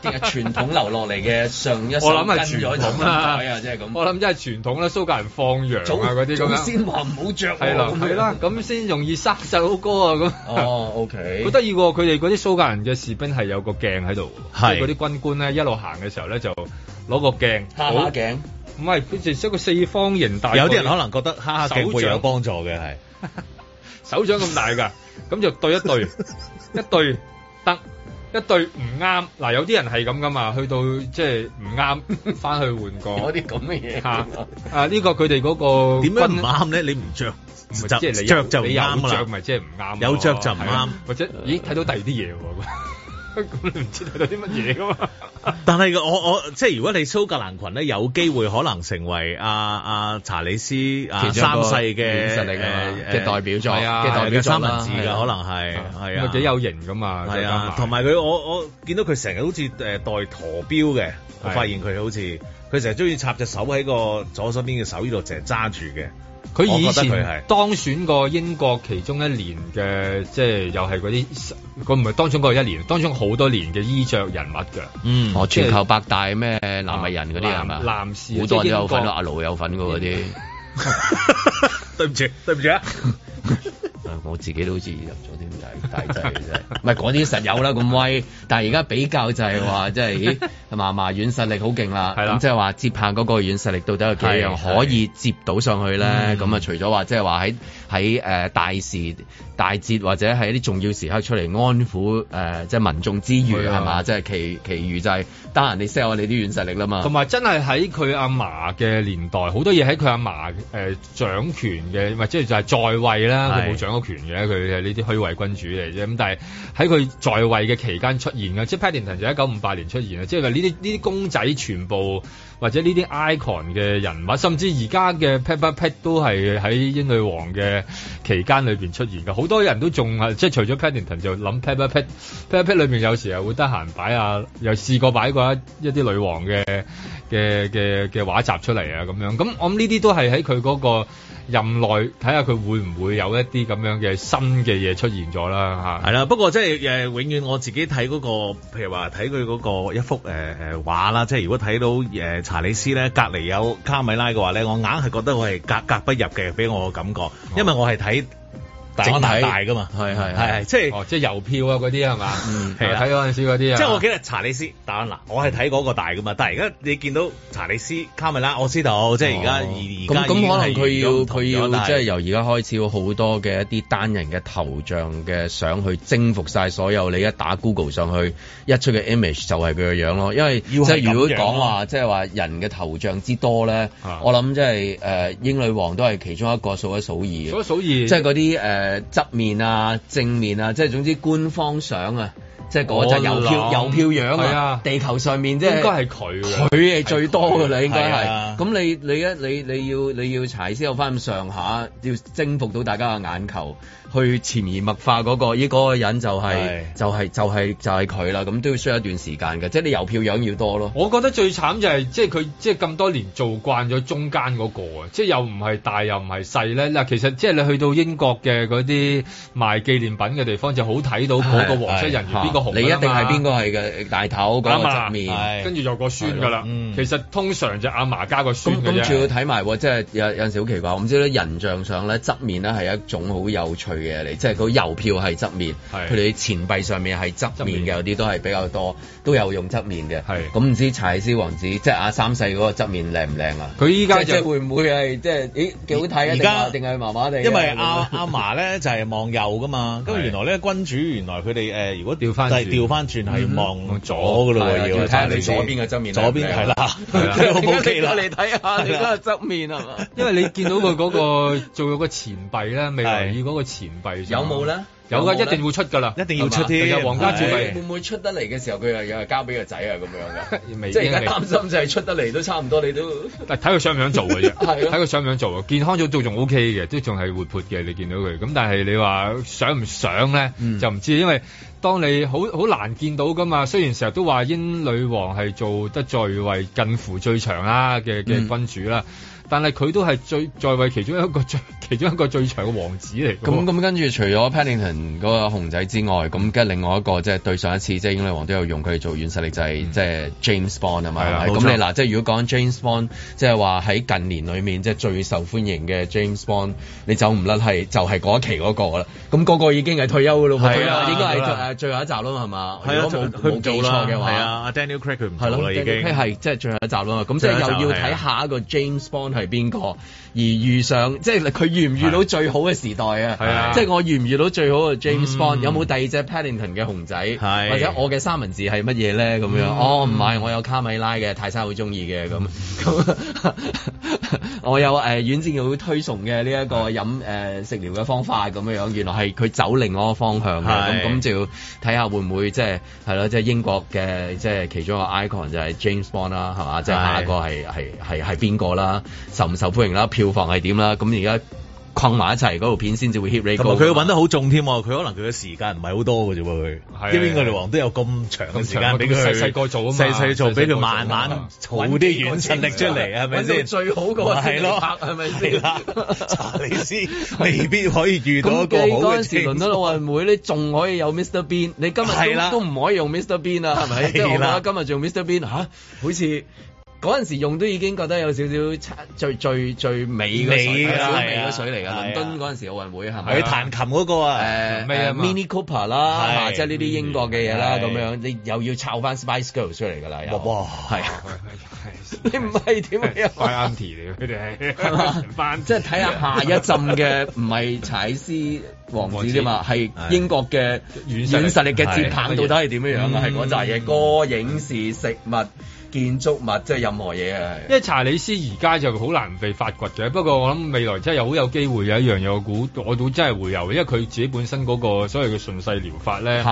Speaker 2: 定 係傳統流落嚟嘅上一，我諗係傳統啦、啊，即係咁、啊就是。我諗即係傳統咧、啊，蘇格蘭放羊啊嗰啲咁先話唔好著係啦，係、啊、啦，咁先容易生細佬哥啊咁。哦，OK，好得意喎！佢哋嗰啲蘇格蘭嘅士兵係有個鏡喺度，係嗰啲軍官咧一路行嘅時候咧就攞個鏡，鏡下鏡。唔係，佢淨係一個四方形大。有啲人可能
Speaker 3: 覺得蝦鏡會有幫助嘅，係
Speaker 2: 手掌咁大㗎，咁就對一對，一對得，一對唔啱。嗱，有啲人係咁㗎嘛，去到即係唔啱，翻去換過。嗰啲咁嘅嘢嚇。啊，呢個佢哋嗰個點樣唔啱咧？你唔著，唔
Speaker 3: 著就你啱嘛。著咪即係唔
Speaker 2: 啱。有著就唔啱，或
Speaker 3: 者咦？睇到第二啲嘢喎。咁你唔知道到啲乜嘢噶嘛？ 但係我我即係如果你蘇格蘭群咧，有機會可能成為阿阿、啊啊、查理斯啊三世嘅嘅、啊啊、代表作嘅、啊、代表、啊、三文治嘅、啊、可能係係啊，幾、啊、有型噶嘛？係啊，同埋佢我我見到佢成日好似誒戴陀錶嘅，我發現佢好似佢成日鍾意插隻手喺個左手邊嘅手呢度成日揸住嘅。
Speaker 2: 佢以前
Speaker 3: 當選過英國其中一年嘅，即係又係嗰啲，唔係當
Speaker 2: 選過一年，當選好多年嘅衣著人物㗎。嗯，哦，
Speaker 1: 即係、全球百
Speaker 2: 大咩男美人嗰
Speaker 1: 啲係嘛？男士好多人都有份，即係、有有阿盧有份嗰
Speaker 2: 啲。對唔住、啊，
Speaker 1: 對唔住。 我自己都好似入咗啲咁大大掣嘅啫，唔係啲實有啦咁威， 但係而家比較就係話、 嗯嗯，即係咦，嫲嫲軟實力好勁啦，咁即係話接棒嗰個軟實力到底有幾樣可以接到上去咧？咁啊， 嗯嗯、就除咗話即係話喺。喺誒、呃、大時大節或者係一啲重要時刻出嚟安撫誒、
Speaker 2: 呃、即係民眾之餘係嘛、啊，即係其其餘就係得 sell 我哋啲軟實力啦嘛。同埋真係喺佢阿嫲嘅年代，好多嘢喺佢阿嫲誒掌權嘅，唔即係就係在位啦，佢冇掌握權嘅，佢係呢啲虛位君主嚟啫。咁但係喺佢在位嘅期間出現嘅，即係 Paddington 就一九五八年出現啦，即係話呢啲呢啲公仔全部。或者呢啲 icon 嘅人物，甚至而家嘅 Peppa Pig 都係喺英女王嘅期間裏面出現嘅，好多人都仲係即係除咗 Paddington 就諗 Peppa Pig，Peppa Pig 裏面有時候會得閒擺啊，又試過擺過一啲女王嘅嘅嘅嘅畫集出嚟啊咁樣，咁我諗呢啲都係喺佢嗰個。任內睇下
Speaker 3: 佢會唔會有一啲咁樣嘅新嘅嘢出現咗啦？吓，係啦，不過即係誒，永遠我自己睇嗰，那個，譬如話睇佢嗰個一幅誒誒，呃、畫啦。即係如果睇到誒，呃、查理斯咧隔籬有卡米拉嘅話咧，我硬係覺得我係格格不入嘅，俾我嘅感覺，哦，因為我係睇。整大㗎嘛，係係係，即係即係郵票、嗯、啊嗰啲係嘛，
Speaker 2: 係睇嗰陣時嗰啲啊。即係我
Speaker 3: 記得查理斯，戴安娜嗱，我係睇嗰個大㗎嘛。但係而家你見到查理斯卡梅拉，我知道，哦、即係而家咁咁可能佢要佢要即係由
Speaker 2: 而
Speaker 1: 家開始好多嘅一啲單人嘅頭像嘅相去征服晒所有，你一打 Google 上去一出嘅 image 就係佢嘅樣咯。因為是即係如果講話、啊、即係話人嘅頭像之多咧，啊、我諗即係誒、呃、英女王都係其中一個數一數二嘅，數一數二。數二即係嗰啲誒。呃誒、呃，側面啊，正面啊，即係總之官方相啊，即係嗰陣郵票郵票樣啊，地球上面即、就、係、是、應該係佢，佢係最多噶啦，應該係。咁、啊、你你一你你要你要柴先有翻咁上下，要征服到大家嘅眼球。去潛移默化嗰、那個，依、那個人就係、是、就係、是、
Speaker 2: 就係、是、就係佢啦，咁、就是、都要需要一段時間嘅，即係你郵票樣要多咯。我覺得最慘就係即係佢即係咁多年做慣咗中間嗰、那個啊，即係又唔係大又唔係細咧。嗱，其實即係你去到英國嘅嗰啲賣紀念品嘅地方就好睇到嗰個皇室人員邊個紅，你一定係邊個係嘅大頭的那個側面，啱啊，跟住有個孫噶啦。其實通常就阿嫲加個孫跟住要睇
Speaker 1: 埋，即係有有陣時好奇怪，我唔知咧人像上咧側面咧係一種好有趣的嘢嚟，即係嗰郵票係側面，佢哋啲錢幣上面係側面嘅，有啲都係比較多，都有用側面嘅。係咁唔知柴斯王子即係阿三
Speaker 3: 世嗰個側面靚唔靚啊？佢依家即係會唔會係即係？咦幾好睇啊！而家定係麻麻地？因為、啊、阿阿嫲咧就係望右噶嘛，咁原來咧君主原來佢哋誒如果調翻，係調翻轉係望左噶咯喎，要睇下你左邊嘅側面。左邊係啦，好冇機啦！你
Speaker 1: 睇下你嗰個側面啊
Speaker 3: 嘛？因為你見到佢嗰個做咗個錢
Speaker 2: 幣咧，未嚟嗰個錢。有冇咧？有啊，一定會出噶啦，一定要出添。皇、就是、家珠寶會唔
Speaker 1: 會出得嚟嘅時候，佢又有係交俾個仔啊？咁樣噶， 明
Speaker 2: 明即係而家擔
Speaker 1: 心就係出得嚟都差唔多，你都
Speaker 2: 但係睇佢想唔想做嘅啫。睇 佢想唔想做啊？健康做做仲 O K 嘅，都仲係活潑嘅。你見到佢咁，但係你話想唔想咧，就唔知、嗯，因為當你好好難見到噶嘛。雖然成日都話英女王係做得在位近乎最長啦嘅嘅君主啦。嗯。但係佢都係最在位其中一個最其中一個最長嘅王子嚟。 咁
Speaker 1: 咁跟住除咗 Paddington 嗰個熊仔之外，咁跟另外一個即係、就是、對上一次即係、就是、英女王都有用佢嚟做軟實力，就係即係 James Bond 係、嗯、咪？咁你嗱，即係如果講 James Bond，即係話喺近年裏面即係、就是、最受歡迎嘅 James Bond，你走唔甩係就係、是、嗰一期嗰個啦。咁、那、嗰個已經係退休喇咯嘛，係啊，應該係最後一集啦嘛，係嘛？係啊，冇冇記錯嘅話。係啊，Daniel Craig 唔 Daniel Craig 係即係最後一集啦嘛。咁即係又要睇下一個 James Bond。係邊個？而遇上即係佢遇唔遇到最好嘅時代啊！即係我遇唔遇到最好嘅 James Bond？、嗯、有冇第二隻 Paddington 嘅熊仔？或者我嘅三文治係乜嘢咧？咁樣、嗯、哦，唔、嗯、係我有卡米拉嘅，泰莎好中意嘅咁。嗯、 我有誒，遠志好推崇嘅呢一個飲誒、呃、食療嘅方法咁樣樣。原來係佢走另外一個方向咁，咁就要睇下會唔會即係係咯，即係英國嘅即係其中一個 icon 就係 James Bond 啦，係嘛？即係下一個係係係係邊個啦？受唔受歡迎啦？票房係點啦？咁而家框埋一
Speaker 3: 齊嗰套片先至會 hit 呢個。同埋佢搵得好重添，佢可能佢嘅時間唔係好多嘅、啊、啫。佢，因為《哋王》都有咁長嘅時間俾佢細細做啊嘛，細細做俾佢慢慢好啲遠視力出嚟，係咪先？最好嗰個鐵塔係咪先啦？查
Speaker 6: 理斯，
Speaker 1: 未
Speaker 3: 必可以遇到一個好嘅。咁嗰陣時倫敦
Speaker 1: 奧運會咧，仲可以有 Mr Bean。你今日都都唔可以用 Mr Bean 啦，係 咪？今日用 Mr Bean 嚇，好 似不～ 嗰陣時用都已經覺得有少少差，最最最美嘅，少少美水啦，係啊，水嚟㗎。倫敦嗰陣時奧運會係咪？佢、啊啊、彈琴嗰個啊，誒、啊呃呃啊、Mini Cooper 啦，即係呢啲英國嘅嘢啦，咁、啊嗯、樣你又要抄翻 Spice Girls 出嚟㗎啦，又哇係、啊啊啊，
Speaker 2: 你唔係點啊？快 Anti 佢哋係，即係睇下下一
Speaker 1: 陣嘅唔係柴斯王子啫嘛，係英國嘅軟實力嘅接棒，到底係點樣樣啊？係嗰扎嘢，
Speaker 2: 歌、影視、食物、建築物，即係有任何嘢啊，因為查理斯而家就好難被發掘嘅，不過我諗未來真係又好有機會有一樣嘢，我估我都真係會有，因為佢自己本身嗰個所謂嘅順勢療法咧，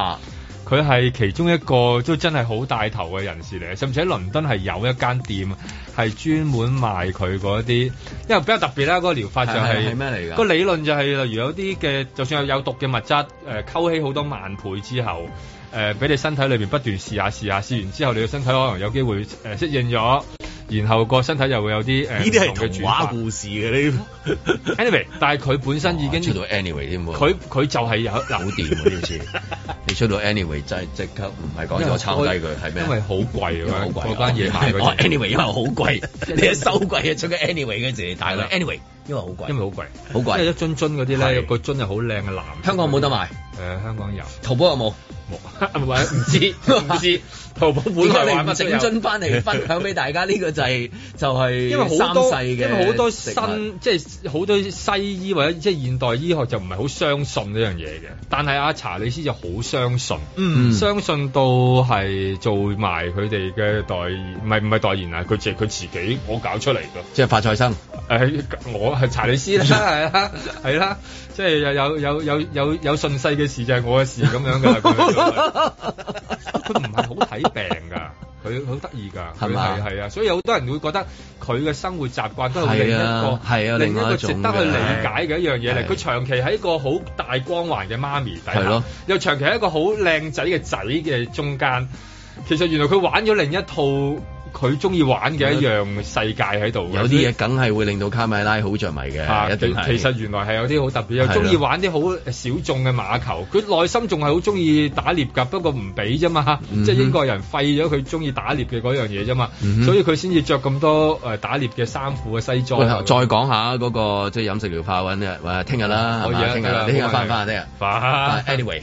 Speaker 2: 佢係其中一個都真係好帶頭嘅人士嚟，甚至喺倫敦係有一間店係專門賣佢嗰啲，因為比較特別啦。嗰、個療法就係咩嚟噶？個理論就係、是、例如有啲嘅，就算有有毒嘅物質，誒、呃，溝起好多萬倍之後。誒、呃，俾你身體裏邊不斷試下試下，試完之後你嘅身體可能有機會誒適、呃、應咗，然後個身體又會有啲誒。呢啲係童話故事嘅呢。 anyway，但係佢本身已經、哦、出到 Anyway 添，佢佢就係有漏電呢次。 棒啊、 你出到 Anyway，就係
Speaker 1: 即刻唔係講住我抄低佢，係咩？因為好貴啊，嗰間嘢賣嗰。 anyway，因為好貴， 你一收貴啊，出咗 Anyway 嗰陣時但係佢。因 anyway，因為好貴，因為好
Speaker 2: 貴，好貴，因為一樽樽嗰啲咧，那個樽係好靚嘅藍，香港冇得賣。誒、呃、香港有，淘寶有冇？冇，唔係唔知，唔 知。淘寶本來你整樽翻嚟分享俾大家，呢 個就係、是、就係、是、因為好多因為好多新即係好多西醫或者即係現代醫學就唔係好相信呢樣嘢嘅，但係阿查理斯就好相信，
Speaker 6: 嗯，嗯，相
Speaker 2: 信到係做埋佢哋嘅代言，唔係唔係代言啊！佢就佢自己，自己我搞出嚟㗎，即係發菜生。誒、呃、我係查理斯啦，係啦係啦，即係又有有有有有順勢嘅。事就係我嘅事咁樣嘅啦，佢唔係好睇病噶，佢好得意噶，係咪？係啊，所以好多人會覺得佢嘅生活習慣都係另一個，係啊，啊，另一個值得去理解嘅一樣嘢嚟。佢長期喺一個好大光環嘅媽咪底下是，又長期喺一個好靚仔嘅仔嘅中間，其實原來佢玩咗另一套。佢中意玩嘅一樣世界喺度，有啲嘢梗係會令到卡米拉好着迷嘅、啊。一定，一其實原來係有啲好特別，又中意玩啲好小眾嘅馬球。佢內心仲係好中意打獵㗎，不過唔俾啫嘛。即係英國人廢咗佢中意打獵嘅嗰樣嘢啫嘛。所以佢先至着咁多誒打獵嘅衫褲嘅西裝。再講下嗰個即係飲食療法，揾日，聽
Speaker 1: 日啦，係嘛？聽日，呢聽翻翻啊，聽日、啊啊啊啊啊啊啊啊啊。Anyway。